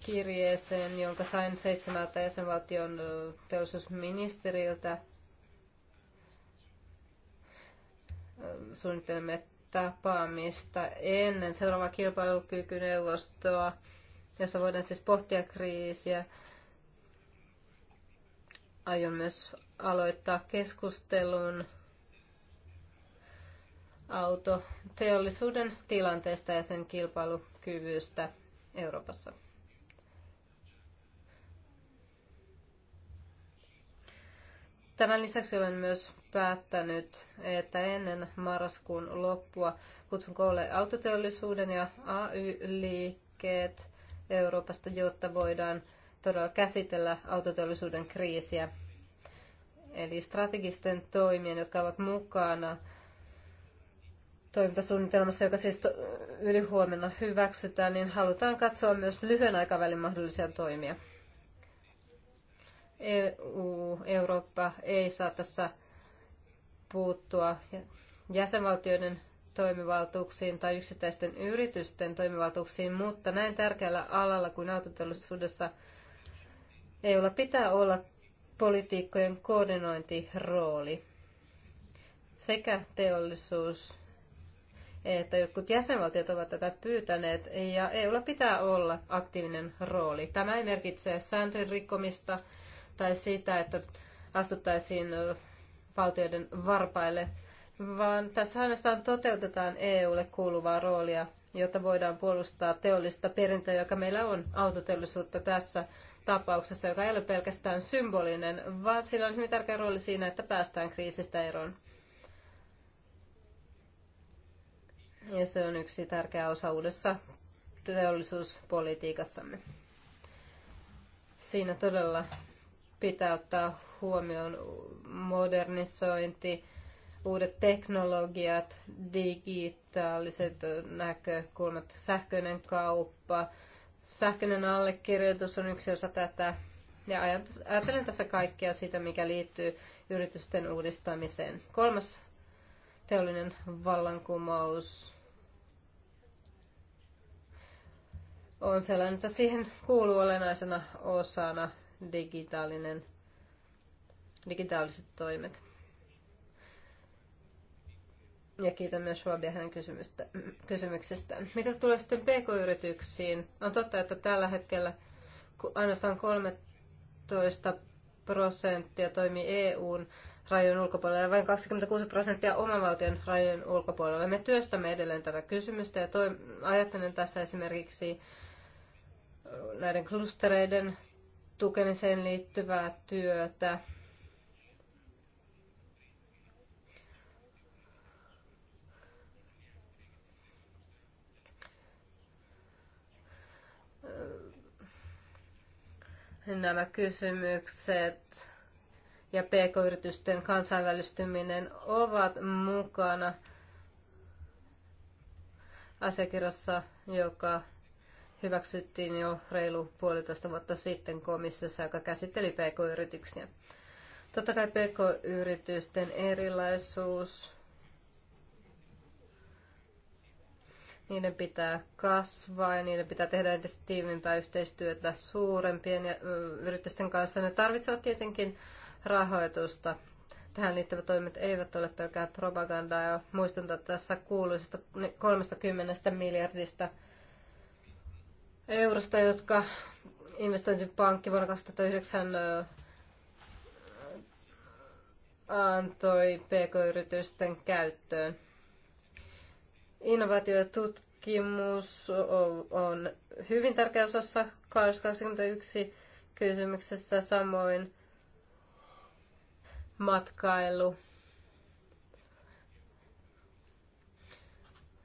kirjeeseen, jonka sain seitsemältä jäsenvaltion teollisuusministeriltä, suunnittelemme tapaamista ennen seuraavaa kilpailukykyneuvostoa, jossa voidaan siis pohtia kriisiä. Aion myös aloittaa keskustelun autoteollisuuden tilanteesta ja sen kilpailukyvystä Euroopassa. Tämän lisäksi olen myös päättänyt, että ennen marraskuun loppua kutsun koolle autoteollisuuden ja AY-liikkeet Euroopasta, jotta voidaan todella käsitellä autoteollisuuden kriisiä eli strategisten toimien, jotka ovat mukana toimintasuunnitelmassa, joka siis yli huomenna hyväksytään, niin halutaan katsoa myös lyhyen aikavälin mahdollisia toimia. EU, Eurooppa ei saa tässä puuttua jäsenvaltioiden toimivaltuuksiin tai yksittäisten yritysten toimivaltuuksiin, mutta näin tärkeällä alalla kuin autoteollisuudessa EUlla pitää olla politiikkojen koordinointirooli. Sekä teollisuus että jotkut jäsenvaltiot ovat tätä pyytäneet ja EUlla pitää olla aktiivinen rooli. Tämä ei merkitse sääntöjen rikkomista tai sitä, että astuttaisiin valtioiden varpaille, vaan tässä ainoastaan toteutetaan EUlle kuuluvaa roolia, jotta voidaan puolustaa teollista perintöä, joka meillä on autoteollisuutta tässä tapauksessa, joka ei ole pelkästään symbolinen, vaan sillä on hyvin tärkeä rooli siinä, että päästään kriisistä eroon. Ja se on yksi tärkeä osa uudessa teollisuuspolitiikassamme. Siinä todella pitää ottaa huomioon modernisointi, uudet teknologiat, digitaaliset näkökulmat, sähköinen kauppa, Sähköinen allekirjoitus on yksi osa tätä. Ja ajattelen tässä kaikkea sitä, mikä liittyy yritysten uudistamiseen. Kolmas teollinen vallankumous on sellainen, että siihen kuuluu olennaisena osana digitaalinen, digitaaliset toimet. Ja kiitän myös Schwabia hänen kysymyksestään. Mitä tulee sitten pk-yrityksiin? On totta, että tällä hetkellä ainoastaan 13 prosenttia toimii EUn rajojen ulkopuolella ja vain 26 prosenttia oman valtion rajojen ulkopuolella. Me työstämme edelleen tätä kysymystä ja toi, ajattelen tässä esimerkiksi äh, näiden klustereiden tukemiseen liittyvää työtä nämä kysymykset ja pk-yritysten kansainvälistyminen ovat mukana asiakirjassa, joka hyväksyttiin jo reilu puolitoista vuotta sitten komissiossa, joka käsitteli pk-yrityksiä. Totta kai pk-yritysten erilaisuus Niiden pitää kasvaa ja niiden pitää tehdä entistä tiivimpää yhteistyötä suurempien yritysten kanssa. Ne tarvitsevat tietenkin rahoitusta. Tähän liittyvät toimet eivät ole pelkää propagandaa ja muistutan tässä kuuluisesta 30 miljardista eurosta, jotka investointipankki vuonna 2009 antoi pk-yritysten käyttöön. Innovaatio ja tutkimus on hyvin tärkeä osassa KARS 21 kysymyksessä, samoin matkailu.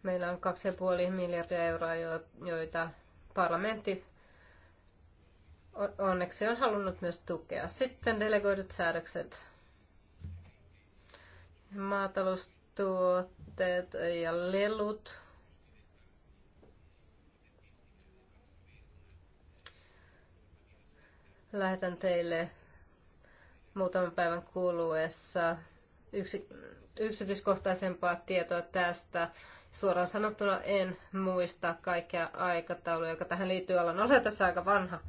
Meillä on 2,5 miljardia euroa, joita parlamentti onneksi on halunnut myös tukea. Sitten delegoidut säädökset. Maataloustuot vaatteet ja lelut. Lähetän teille muutaman päivän kuluessa yksi, yksityiskohtaisempaa tietoa tästä. Suoraan sanottuna en muista kaikkea aikataulua, joka tähän liittyy. Olen osa tässä aika vanha.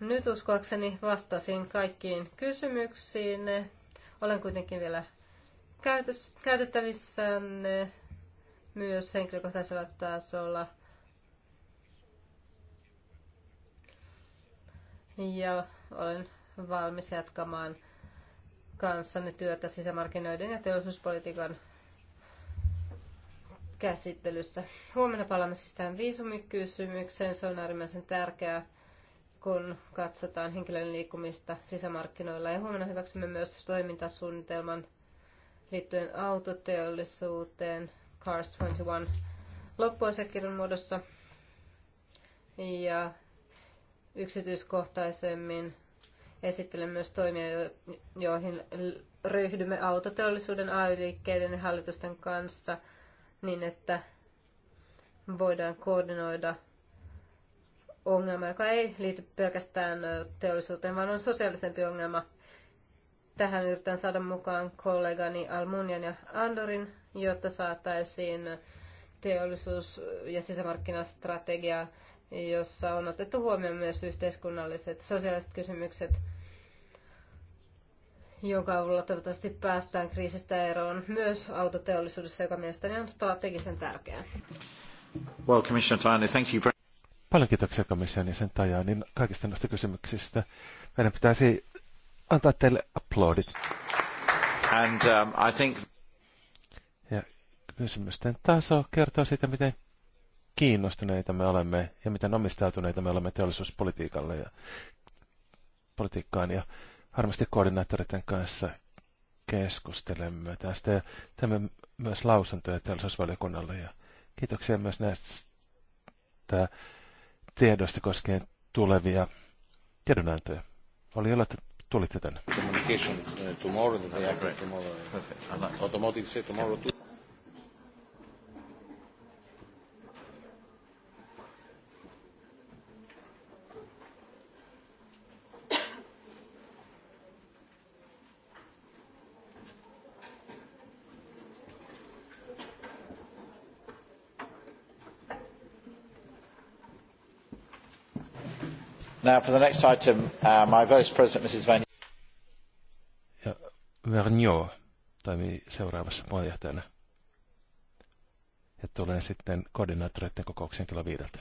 Nyt uskoakseni vastasin kaikkiin kysymyksiin. Olen kuitenkin vielä käytettävissänne myös henkilökohtaisella tasolla. Ja olen valmis jatkamaan kanssanne työtä sisämarkkinoiden ja teollisuuspolitiikan käsittelyssä. Huomenna palaamme siis tähän viisumikysymykseen. Se on äärimmäisen tärkeää kun katsotaan henkilön liikkumista sisämarkkinoilla. Ja huomenna hyväksymme myös toimintasuunnitelman liittyen autoteollisuuteen Cars 21 loppuosakirjan muodossa. Ja yksityiskohtaisemmin esittelen myös toimia, joihin ryhdymme autoteollisuuden AY-liikkeiden ja hallitusten kanssa niin, että voidaan koordinoida – ongelma, joka ei liity pelkästään teollisuuteen, vaan on sosiaalisempi ongelma. Tähän yritän saada mukaan kollegani Almunian ja Andorin, jotta saataisiin teollisuus- ja sisämarkkinastrategia, jossa on otettu huomioon myös yhteiskunnalliset sosiaaliset kysymykset, jonka avulla toivottavasti päästään kriisistä eroon myös autoteollisuudessa, joka mielestäni on strategisen tärkeää. Well, Commissioner Tajani, thank you very Paljon kiitoksia komission sen Tajanin kaikista noista kysymyksistä. Meidän pitäisi antaa teille aplodit. And, um, I think... Ja kysymysten taso kertoo siitä, miten kiinnostuneita me olemme ja miten omistautuneita me olemme teollisuuspolitiikalle ja politiikkaan. Ja varmasti koordinaattoreiden kanssa keskustelemme tästä ja teemme myös lausuntoja teollisuusvaliokunnalle. Ja kiitoksia myös näistä tiedosta koskien tulevia tiedonantoja. Oli ilo, että tulitte tänne. Communication uh, tomorrow, the day after tomorrow. Automotive say tomorrow too. Now for the next item, uh, my vice president, Mrs. Van... Ja Vernio toimii seuraavassa puheenjohtajana. Ja tulee sitten koordinaattoreiden kokoukseen kello viideltä.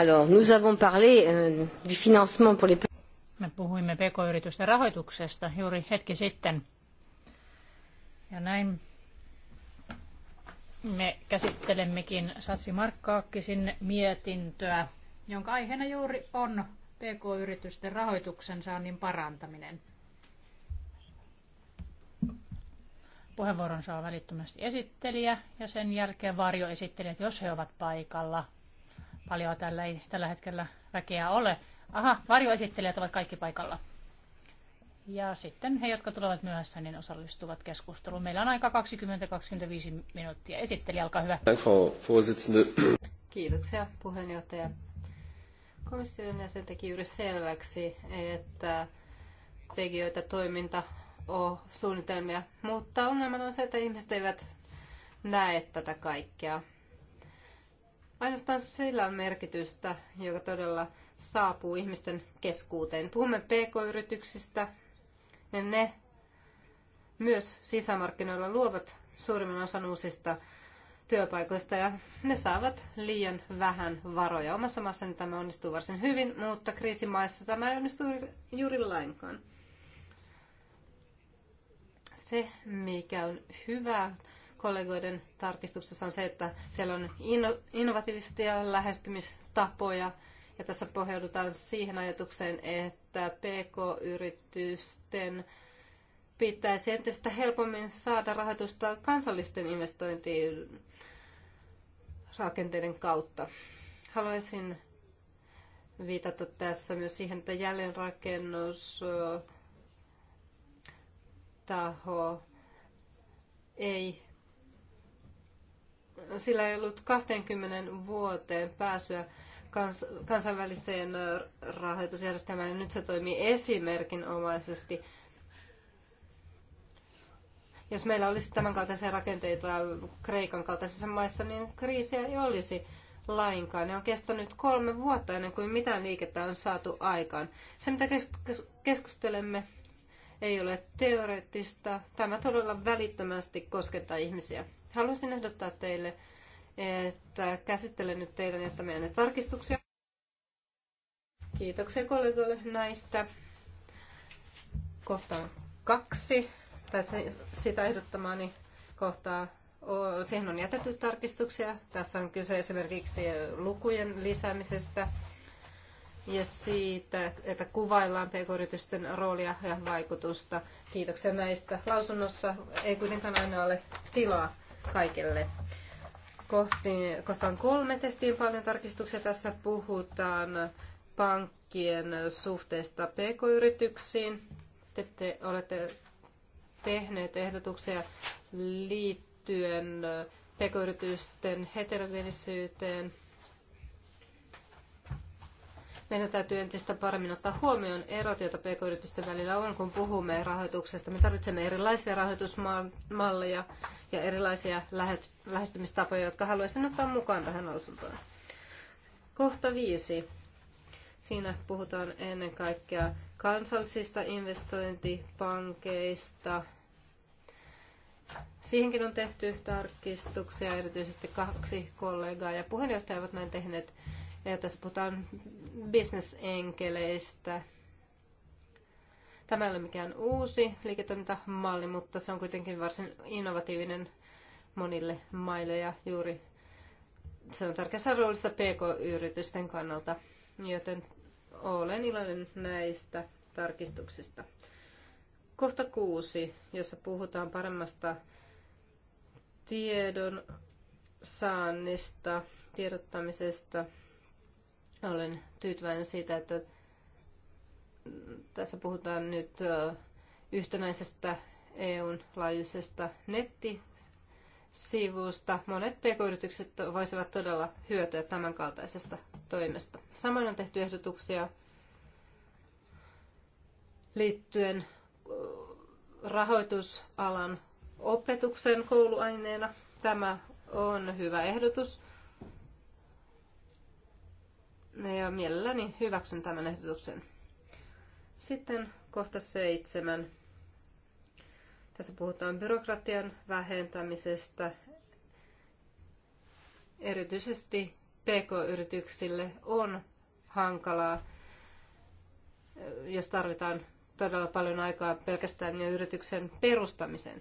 Alors, nous avons parlé euh, du financement pour les... Me puhuimme pk-yritysten rahoituksesta juuri hetki sitten. Ja näin me käsittelemmekin Satsi Markkaakkisin mietintöä, jonka aiheena juuri on pk-yritysten rahoituksen saannin parantaminen. Puheenvuoron saa välittömästi esittelijä ja sen jälkeen varjoesittelijät, jos he ovat paikalla. Paljon täällä ei tällä hetkellä väkeä ole. Aha, varjoesittelijät ovat kaikki paikalla. Ja sitten he, jotka tulevat myöhässä, niin osallistuvat keskusteluun. Meillä on aika 20-25 minuuttia. Esittelijä, alkaa hyvä. Kiitoksia puheenjohtaja. Komission jäsen teki juuri selväksi, että tekijöitä toiminta on suunnitelmia, mutta ongelmana on se, että ihmiset eivät näe tätä kaikkea. Ainoastaan sillä on merkitystä, joka todella saapuu ihmisten keskuuteen. Puhumme pk-yrityksistä ja ne myös sisämarkkinoilla luovat suurimman osan uusista työpaikoista ja ne saavat liian vähän varoja. Omassa maassani tämä onnistuu varsin hyvin, mutta kriisimaissa tämä ei onnistu juuri lainkaan. Se, mikä on hyvä kollegoiden tarkistuksessa on se, että siellä on innovatiivisia lähestymistapoja ja tässä pohjaudutaan siihen ajatukseen, että PK-yritysten pitäisi entistä helpommin saada rahoitusta kansallisten investointirakenteiden kautta. Haluaisin viitata tässä myös siihen, että jälleenrakennus taho ei sillä ei ollut 20 vuoteen pääsyä kans, kansainväliseen rahoitusjärjestelmään. Nyt se toimii esimerkinomaisesti. Jos meillä olisi tämänkaltaisia rakenteita Kreikan kaltaisissa maissa, niin kriisiä ei olisi lainkaan. Ne on kestänyt kolme vuotta ennen kuin mitään liikettä on saatu aikaan. Se, mitä keskustelemme, ei ole teoreettista. Tämä todella välittömästi koskettaa ihmisiä. Haluaisin ehdottaa teille, että käsittelen nyt teidän jättämiänne tarkistuksia. Kiitoksia kollegoille näistä. Kohtaan kaksi, tai sitä ehdottamaani kohtaa siihen on jätetty tarkistuksia. Tässä on kyse esimerkiksi lukujen lisäämisestä ja siitä, että kuvaillaan pk-yritysten roolia ja vaikutusta. Kiitoksia näistä. Lausunnossa ei kuitenkaan aina ole tilaa kaikille. Kohtiin, kohtaan kolme tehtiin paljon tarkistuksia. Tässä puhutaan pankkien suhteesta pk-yrityksiin. Te, te olette tehneet ehdotuksia liittyen pk-yritysten heterogenisyyteen, meidän täytyy entistä paremmin ottaa huomioon erot, joita pk-yritysten välillä on, kun puhumme rahoituksesta. Me tarvitsemme erilaisia rahoitusmalleja ja erilaisia lähestymistapoja, jotka haluaisin ottaa mukaan tähän lausuntoon. Kohta viisi. Siinä puhutaan ennen kaikkea kansallisista investointipankeista. Siihenkin on tehty tarkistuksia, erityisesti kaksi kollegaa ja puheenjohtaja ovat näin tehneet. Ja tässä puhutaan bisnesenkeleistä. Tämä ei ole mikään uusi liiketoimintamalli, mutta se on kuitenkin varsin innovatiivinen monille maille ja juuri se on tärkeässä roolissa PK-yritysten kannalta, joten olen iloinen näistä tarkistuksista. Kohta kuusi, jossa puhutaan paremmasta tiedon saannista, tiedottamisesta olen tyytyväinen siitä, että tässä puhutaan nyt yhtenäisestä EUn laajuisesta nettisivusta. Monet pk-yritykset voisivat todella hyötyä tämänkaltaisesta toimesta. Samoin on tehty ehdotuksia liittyen rahoitusalan opetuksen kouluaineena. Tämä on hyvä ehdotus ja mielelläni hyväksyn tämän ehdotuksen. Sitten kohta seitsemän. Tässä puhutaan byrokratian vähentämisestä. Erityisesti PK-yrityksille on hankalaa, jos tarvitaan todella paljon aikaa pelkästään jo yrityksen perustamiseen.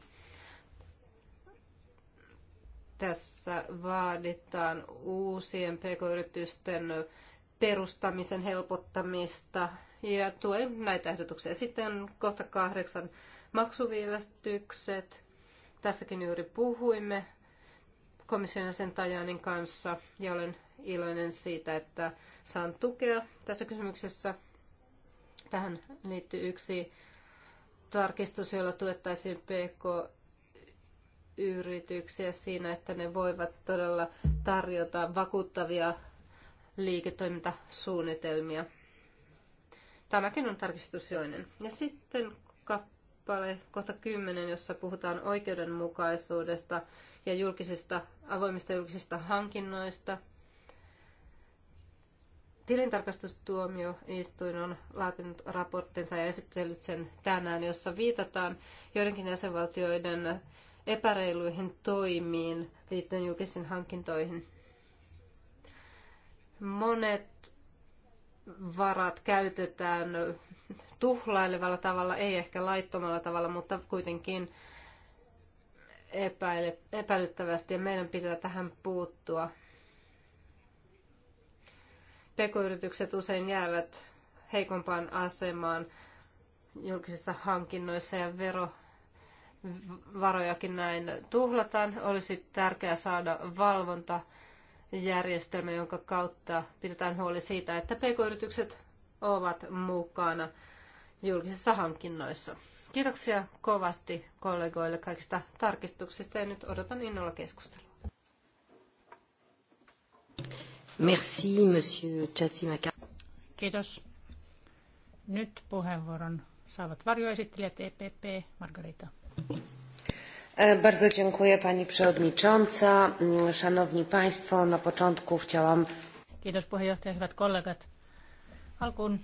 Tässä vaaditaan uusien pk-yritysten perustamisen helpottamista ja tuen näitä ehdotuksia. Sitten kohta kahdeksan maksuviivästykset. Tästäkin juuri puhuimme komission sen Tajanin kanssa ja olen iloinen siitä, että saan tukea tässä kysymyksessä. Tähän liittyy yksi tarkistus, jolla tuettaisiin PK yrityksiä siinä, että ne voivat todella tarjota vakuuttavia liiketoimintasuunnitelmia. Tämäkin on tarkistusjoinen. Ja sitten kappale kohta 10, jossa puhutaan oikeudenmukaisuudesta ja julkisista, avoimista julkisista hankinnoista. Tilintarkastustuomioistuin on laatinut raporttinsa ja esitellyt sen tänään, jossa viitataan joidenkin jäsenvaltioiden epäreiluihin toimiin liittyen julkisiin hankintoihin. Monet varat käytetään tuhlailevalla tavalla, ei ehkä laittomalla tavalla, mutta kuitenkin epäilyttävästi ja meidän pitää tähän puuttua. Pekoyritykset usein jäävät heikompaan asemaan julkisissa hankinnoissa ja verovarojakin näin tuhlataan. Olisi tärkeää saada valvonta järjestelmä, jonka kautta pidetään huoli siitä, että pk-yritykset ovat mukana julkisissa hankinnoissa. Kiitoksia kovasti kollegoille kaikista tarkistuksista ja nyt odotan innolla keskustelua. Merci, monsieur Kiitos. Nyt puheenvuoron saavat varjoesittelijät EPP Margarita. E, bardzo dziękuję pani przewodnicząca, mm, szanowni państwo. Na początku chciałam... Kiitos puheenjohtaja, hyvät kollegat. Alkuun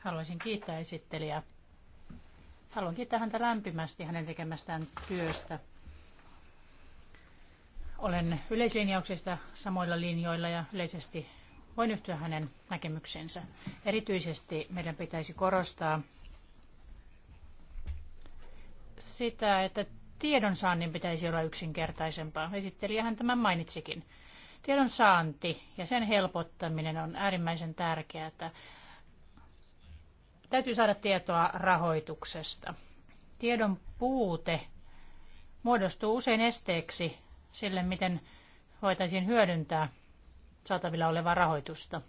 haluaisin kiittää esittelijää. Haluan kiittää häntä lämpimästi hänen tekemästään työstä. Olen yleislinjauksista samoilla linjoilla ja yleisesti voin yhtyä hänen näkemyksensä. Erityisesti meidän pitäisi korostaa sitä, että tiedonsaannin pitäisi olla yksinkertaisempaa. Esittelijähän tämän mainitsikin. Tiedon saanti ja sen helpottaminen on äärimmäisen tärkeää. Täytyy saada tietoa rahoituksesta. Tiedon puute muodostuu usein esteeksi sille, miten voitaisiin hyödyntää saatavilla olevaa rahoitusta.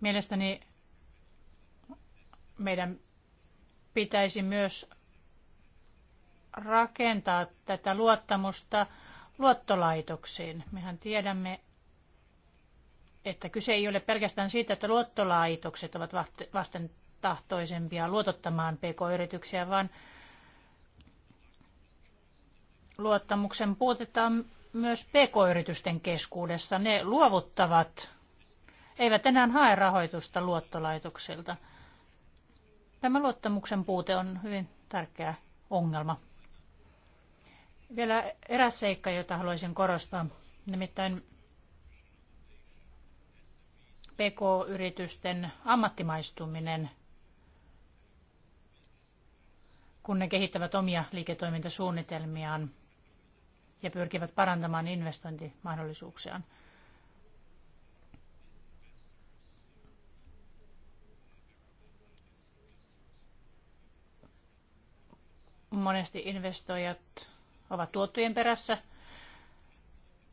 Mielestäni meidän pitäisi myös rakentaa tätä luottamusta luottolaitoksiin. Mehän tiedämme, että kyse ei ole pelkästään siitä, että luottolaitokset ovat vasten tahtoisempia luotottamaan pk-yrityksiä, vaan luottamuksen puutetaan myös pk-yritysten keskuudessa. Ne luovuttavat, eivät enää hae rahoitusta luottolaitoksilta – Tämä luottamuksen puute on hyvin tärkeä ongelma. Vielä eräs seikka, jota haluaisin korostaa, nimittäin PK-yritysten ammattimaistuminen, kun ne kehittävät omia liiketoimintasuunnitelmiaan ja pyrkivät parantamaan investointimahdollisuuksiaan. Monesti investoijat ovat tuottojen perässä,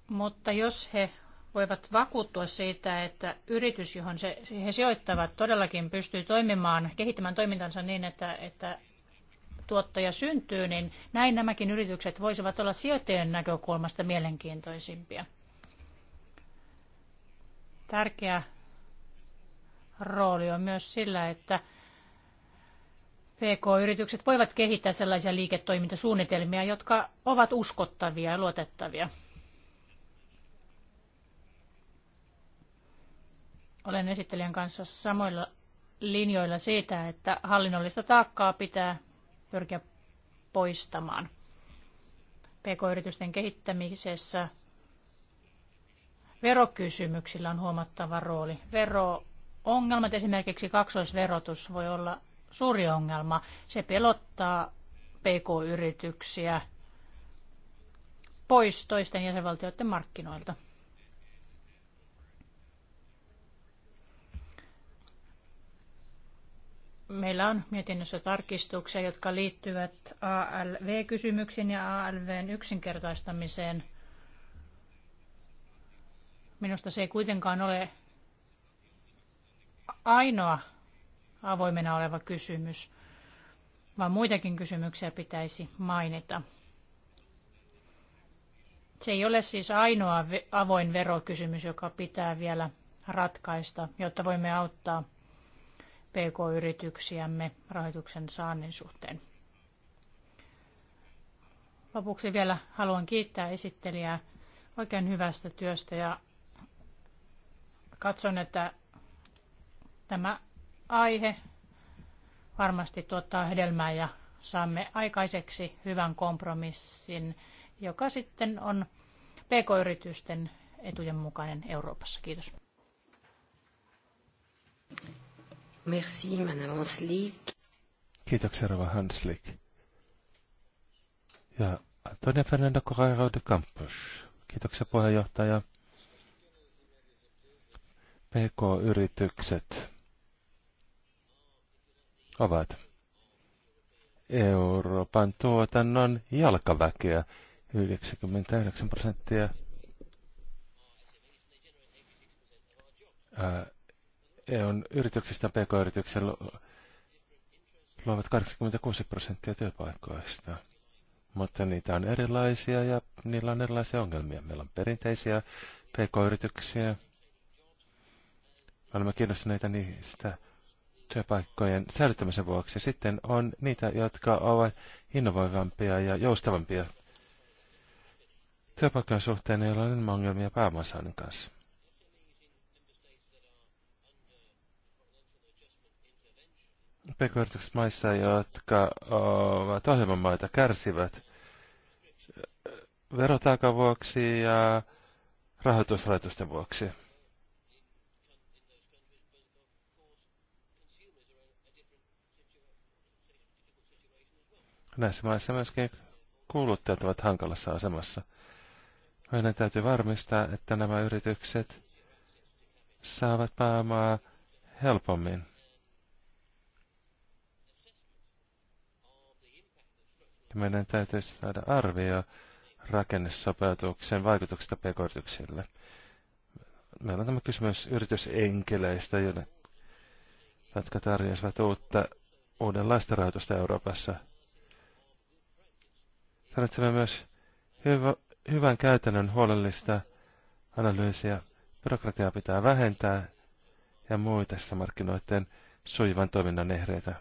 mutta jos he voivat vakuuttua siitä, että yritys, johon se, he sijoittavat, todellakin pystyy toimimaan, kehittämään toimintansa niin, että, että tuottoja syntyy, niin näin nämäkin yritykset voisivat olla sijoittajien näkökulmasta mielenkiintoisimpia. Tärkeä rooli on myös sillä, että PK-yritykset voivat kehittää sellaisia liiketoimintasuunnitelmia, jotka ovat uskottavia ja luotettavia. Olen esittelijän kanssa samoilla linjoilla siitä, että hallinnollista taakkaa pitää pyrkiä poistamaan. PK-yritysten kehittämisessä verokysymyksillä on huomattava rooli. Vero-ongelmat, esimerkiksi kaksoisverotus, voi olla suuri ongelma. Se pelottaa PK-yrityksiä pois toisten jäsenvaltioiden markkinoilta. Meillä on mietinnössä tarkistuksia, jotka liittyvät ALV-kysymyksiin ja ALVn yksinkertaistamiseen. Minusta se ei kuitenkaan ole ainoa avoimena oleva kysymys, vaan muitakin kysymyksiä pitäisi mainita. Se ei ole siis ainoa avoin verokysymys, joka pitää vielä ratkaista, jotta voimme auttaa PK-yrityksiämme rahoituksen saannin suhteen. Lopuksi vielä haluan kiittää esittelijää oikein hyvästä työstä ja katson, että tämä aihe varmasti tuottaa hedelmää ja saamme aikaiseksi hyvän kompromissin, joka sitten on pk-yritysten etujen mukainen Euroopassa. Kiitos. Merci, Madame Hanslik. Kiitoksia, Rova Hanslik. Ja Antonia Fernando Correiro de Campos. Kiitoksia, puheenjohtaja. PK-yritykset ovat Euroopan tuotannon jalkaväkeä. 99 prosenttia EUn yrityksistä pk-yrityksiä luovat 86 prosenttia työpaikoista. Mutta niitä on erilaisia ja niillä on erilaisia ongelmia. Meillä on perinteisiä pk-yrityksiä. olemme kiinnostuneita niistä työpaikkojen säilyttämisen vuoksi. Sitten on niitä, jotka ovat innovoivampia ja joustavampia työpaikkojen suhteen, joilla on enemmän ongelmia pääomansaannin kanssa. pk maissa, jotka ovat ohjelmamaita, kärsivät verotaakan vuoksi ja rahoitusrajoitusten vuoksi. Näissä maissa myöskin kuluttajat ovat hankalassa asemassa. Meidän täytyy varmistaa, että nämä yritykset saavat pääomaa helpommin. meidän täytyy saada arvio rakennesopeutuksen vaikutuksista pk-yrityksille. Meillä on tämä kysymys yritysenkeleistä, jotka tarjosivat uutta, uudenlaista rahoitusta Euroopassa – Tarvitsemme myös hyvä, hyvän käytännön huolellista analyysiä. Byrokratiaa pitää vähentää ja tässä markkinoiden sujuvan toiminnan ehreitä.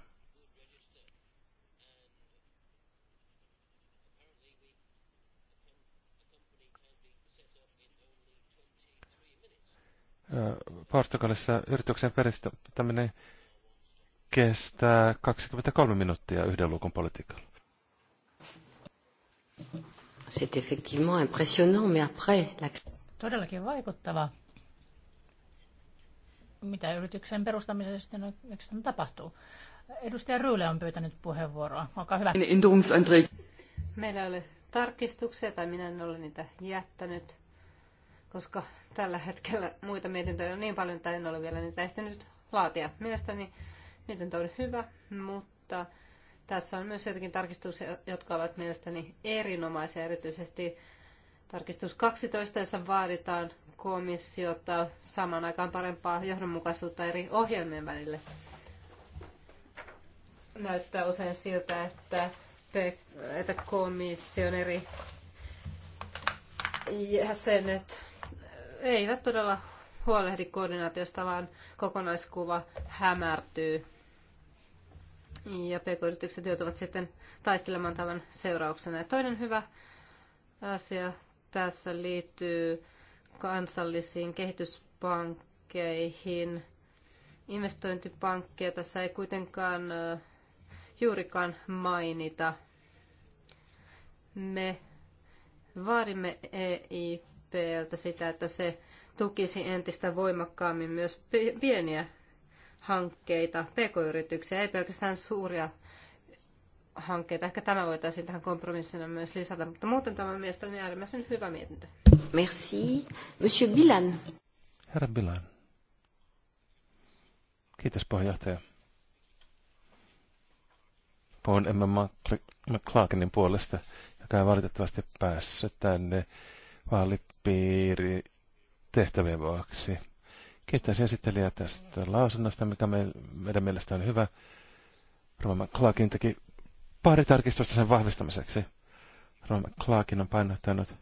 Portugalissa yrityksen peristä tämmöinen kestää 23 minuuttia yhden luukun politiikalla. C'est effectivement impressionnant, mais après la... Todellakin vaikuttava. Mitä yrityksen perustamisessa sitten on tapahtuu? Edustaja Ryyle on pyytänyt puheenvuoroa. Olkaa hyvä. Niin, Meillä ei ole tarkistuksia, tai minä en ole niitä jättänyt, koska tällä hetkellä muita mietintöjä on niin paljon, että en ole vielä niitä ehtinyt laatia. Mielestäni mietintö on hyvä, mutta tässä on myös jotenkin tarkistuksia, jotka ovat mielestäni erinomaisia, erityisesti tarkistus 12, jossa vaaditaan komissiota saman aikaan parempaa johdonmukaisuutta eri ohjelmien välille. Näyttää usein siltä, että, että komission eri jäsenet eivät todella huolehdi koordinaatiosta, vaan kokonaiskuva hämärtyy ja pk-yritykset joutuvat sitten taistelemaan tämän seurauksena. Ja toinen hyvä asia tässä liittyy kansallisiin kehityspankkeihin. Investointipankkeja tässä ei kuitenkaan juurikaan mainita. Me vaadimme EIPltä sitä, että se tukisi entistä voimakkaammin myös pieniä hankkeita, pk-yrityksiä, ei pelkästään suuria hankkeita. Ehkä tämä voitaisiin tähän kompromissina myös lisätä, mutta muuten tämä on mielestäni äärimmäisen hyvä mietintö. Merci. Monsieur Bilan. Herra Bilan. Kiitos puheenjohtaja. Puhun Emma McClarkenin puolesta, joka ei valitettavasti päässyt tänne vaalipiiri tehtävien vuoksi. Kiittäisin esittelijä tästä lausunnosta, mikä me, meidän mielestä on hyvä. Roman McClarkin teki pari tarkistusta sen vahvistamiseksi. Roman McClarkin on painottanut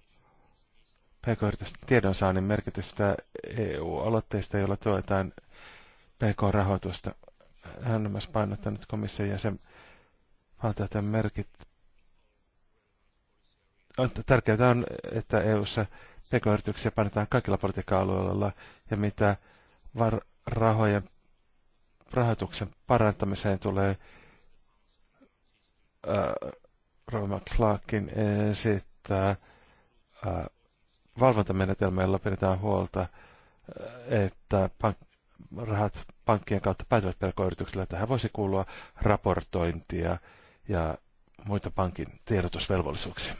PK-yritysten tiedonsaannin merkitystä EU-aloitteista, joilla tuetaan PK-rahoitusta. Hän on myös painottanut komission jäsen valtioiden merkit. tärkeää on, että EU:ssa ssa pk-yrityksiä painetaan kaikilla politiikka-alueilla ja mitä var- rahojen, rahoituksen parantamiseen tulee äh, Roma Clarkin esittää äh, jolla pidetään huolta, äh, että pank- rahat pankkien kautta päätyvät pk-yrityksille. Tähän voisi kuulua raportointia ja muita pankin tiedotusvelvollisuuksia.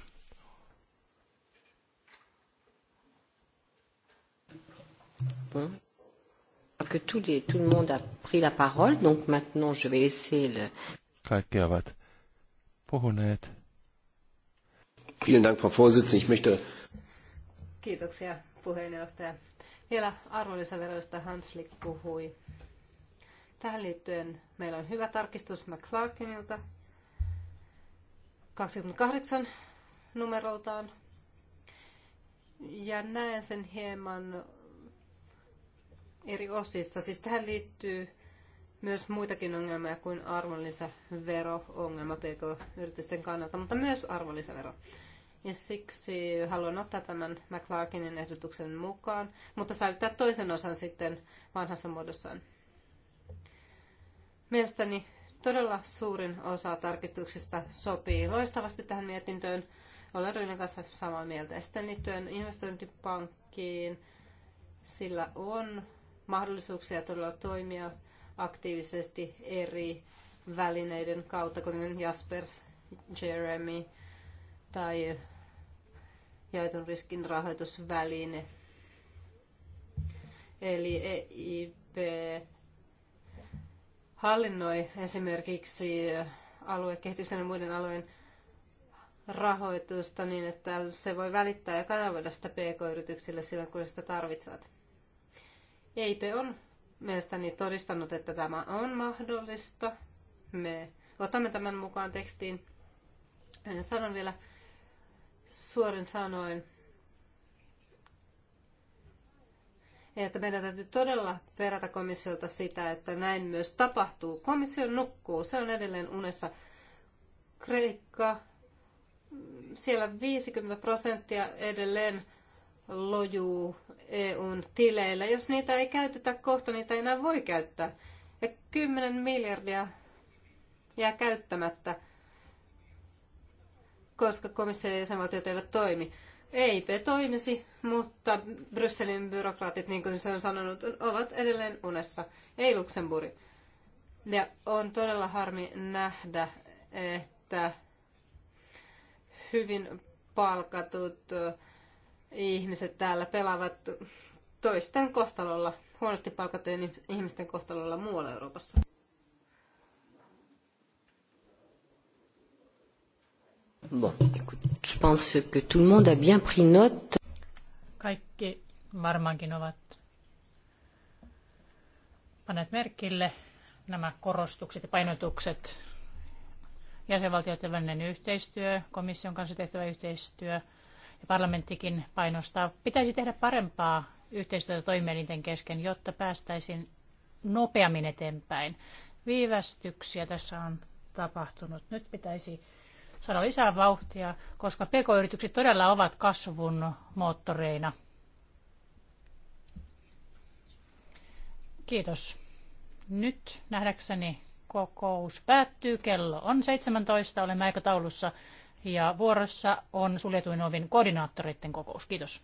Bon. Que tout, les, tout le monde a pris la parole, donc maintenant je vais laisser le... Kaikki ovat puhuneet. Vielen Dank, Frau Vorsitzende. Ich möchte... Kiitoksia, puheenjohtaja. Vielä arvonlisäveroista Lick puhui. Tähän liittyen meillä on hyvä tarkistus McClarkinilta 28 numeroltaan. Ja näen sen hieman eri osissa. Siis tähän liittyy myös muitakin ongelmia kuin arvonlisävero-ongelma pk-yritysten kannalta, mutta myös arvonlisävero. Ja siksi haluan ottaa tämän McClarkinin ehdotuksen mukaan, mutta säilyttää toisen osan sitten vanhassa muodossaan. Mielestäni todella suurin osa tarkistuksista sopii loistavasti tähän mietintöön. Olen Ryynin kanssa samaa mieltä. Ja sitten liittyen investointipankkiin, sillä on mahdollisuuksia todella toimia aktiivisesti eri välineiden kautta, kuten Jaspers, Jeremy tai jaetun riskin rahoitusväline. Eli EIP hallinnoi esimerkiksi aluekehityksen ja muiden alueen rahoitusta niin, että se voi välittää ja kanavoida sitä pk-yrityksille silloin, kun sitä tarvitsevat. EIP on mielestäni todistanut, että tämä on mahdollista. Me otamme tämän mukaan tekstiin. Äh, sanon vielä suorin sanoin, että meidän täytyy todella perätä komissiolta sitä, että näin myös tapahtuu. Komissio nukkuu, se on edelleen unessa. Kreikka, siellä 50 prosenttia edelleen lojuu EUn tileillä. Jos niitä ei käytetä kohta, niitä ei enää voi käyttää. Ja 10 miljardia jää käyttämättä, koska komissio ja jäsenvaltiot eivät toimi. EIP toimisi, mutta Brysselin byrokraatit, niin kuin se on sanonut, ovat edelleen unessa, ei Luxemburg. Ja on todella harmi nähdä, että hyvin palkatut ihmiset täällä pelaavat toisten kohtalolla, huonosti palkattujen ihmisten kohtalolla muualla Euroopassa. Bon, écoute, je pense que tout le monde a bien pris note. Kaikki varmaankin ovat panneet merkille nämä korostukset ja painotukset jäsenvaltioiden välinen yhteistyö, komission kanssa tehtävä yhteistyö, parlamenttikin painostaa. Pitäisi tehdä parempaa yhteistyötä toimielinten kesken, jotta päästäisiin nopeammin eteenpäin. Viivästyksiä tässä on tapahtunut. Nyt pitäisi saada lisää vauhtia, koska pk-yritykset todella ovat kasvun moottoreina. Kiitos. Nyt nähdäkseni kokous päättyy. Kello on 17. Olemme aikataulussa. Ja vuorossa on suljetuin ovin koordinaattoreiden kokous. Kiitos.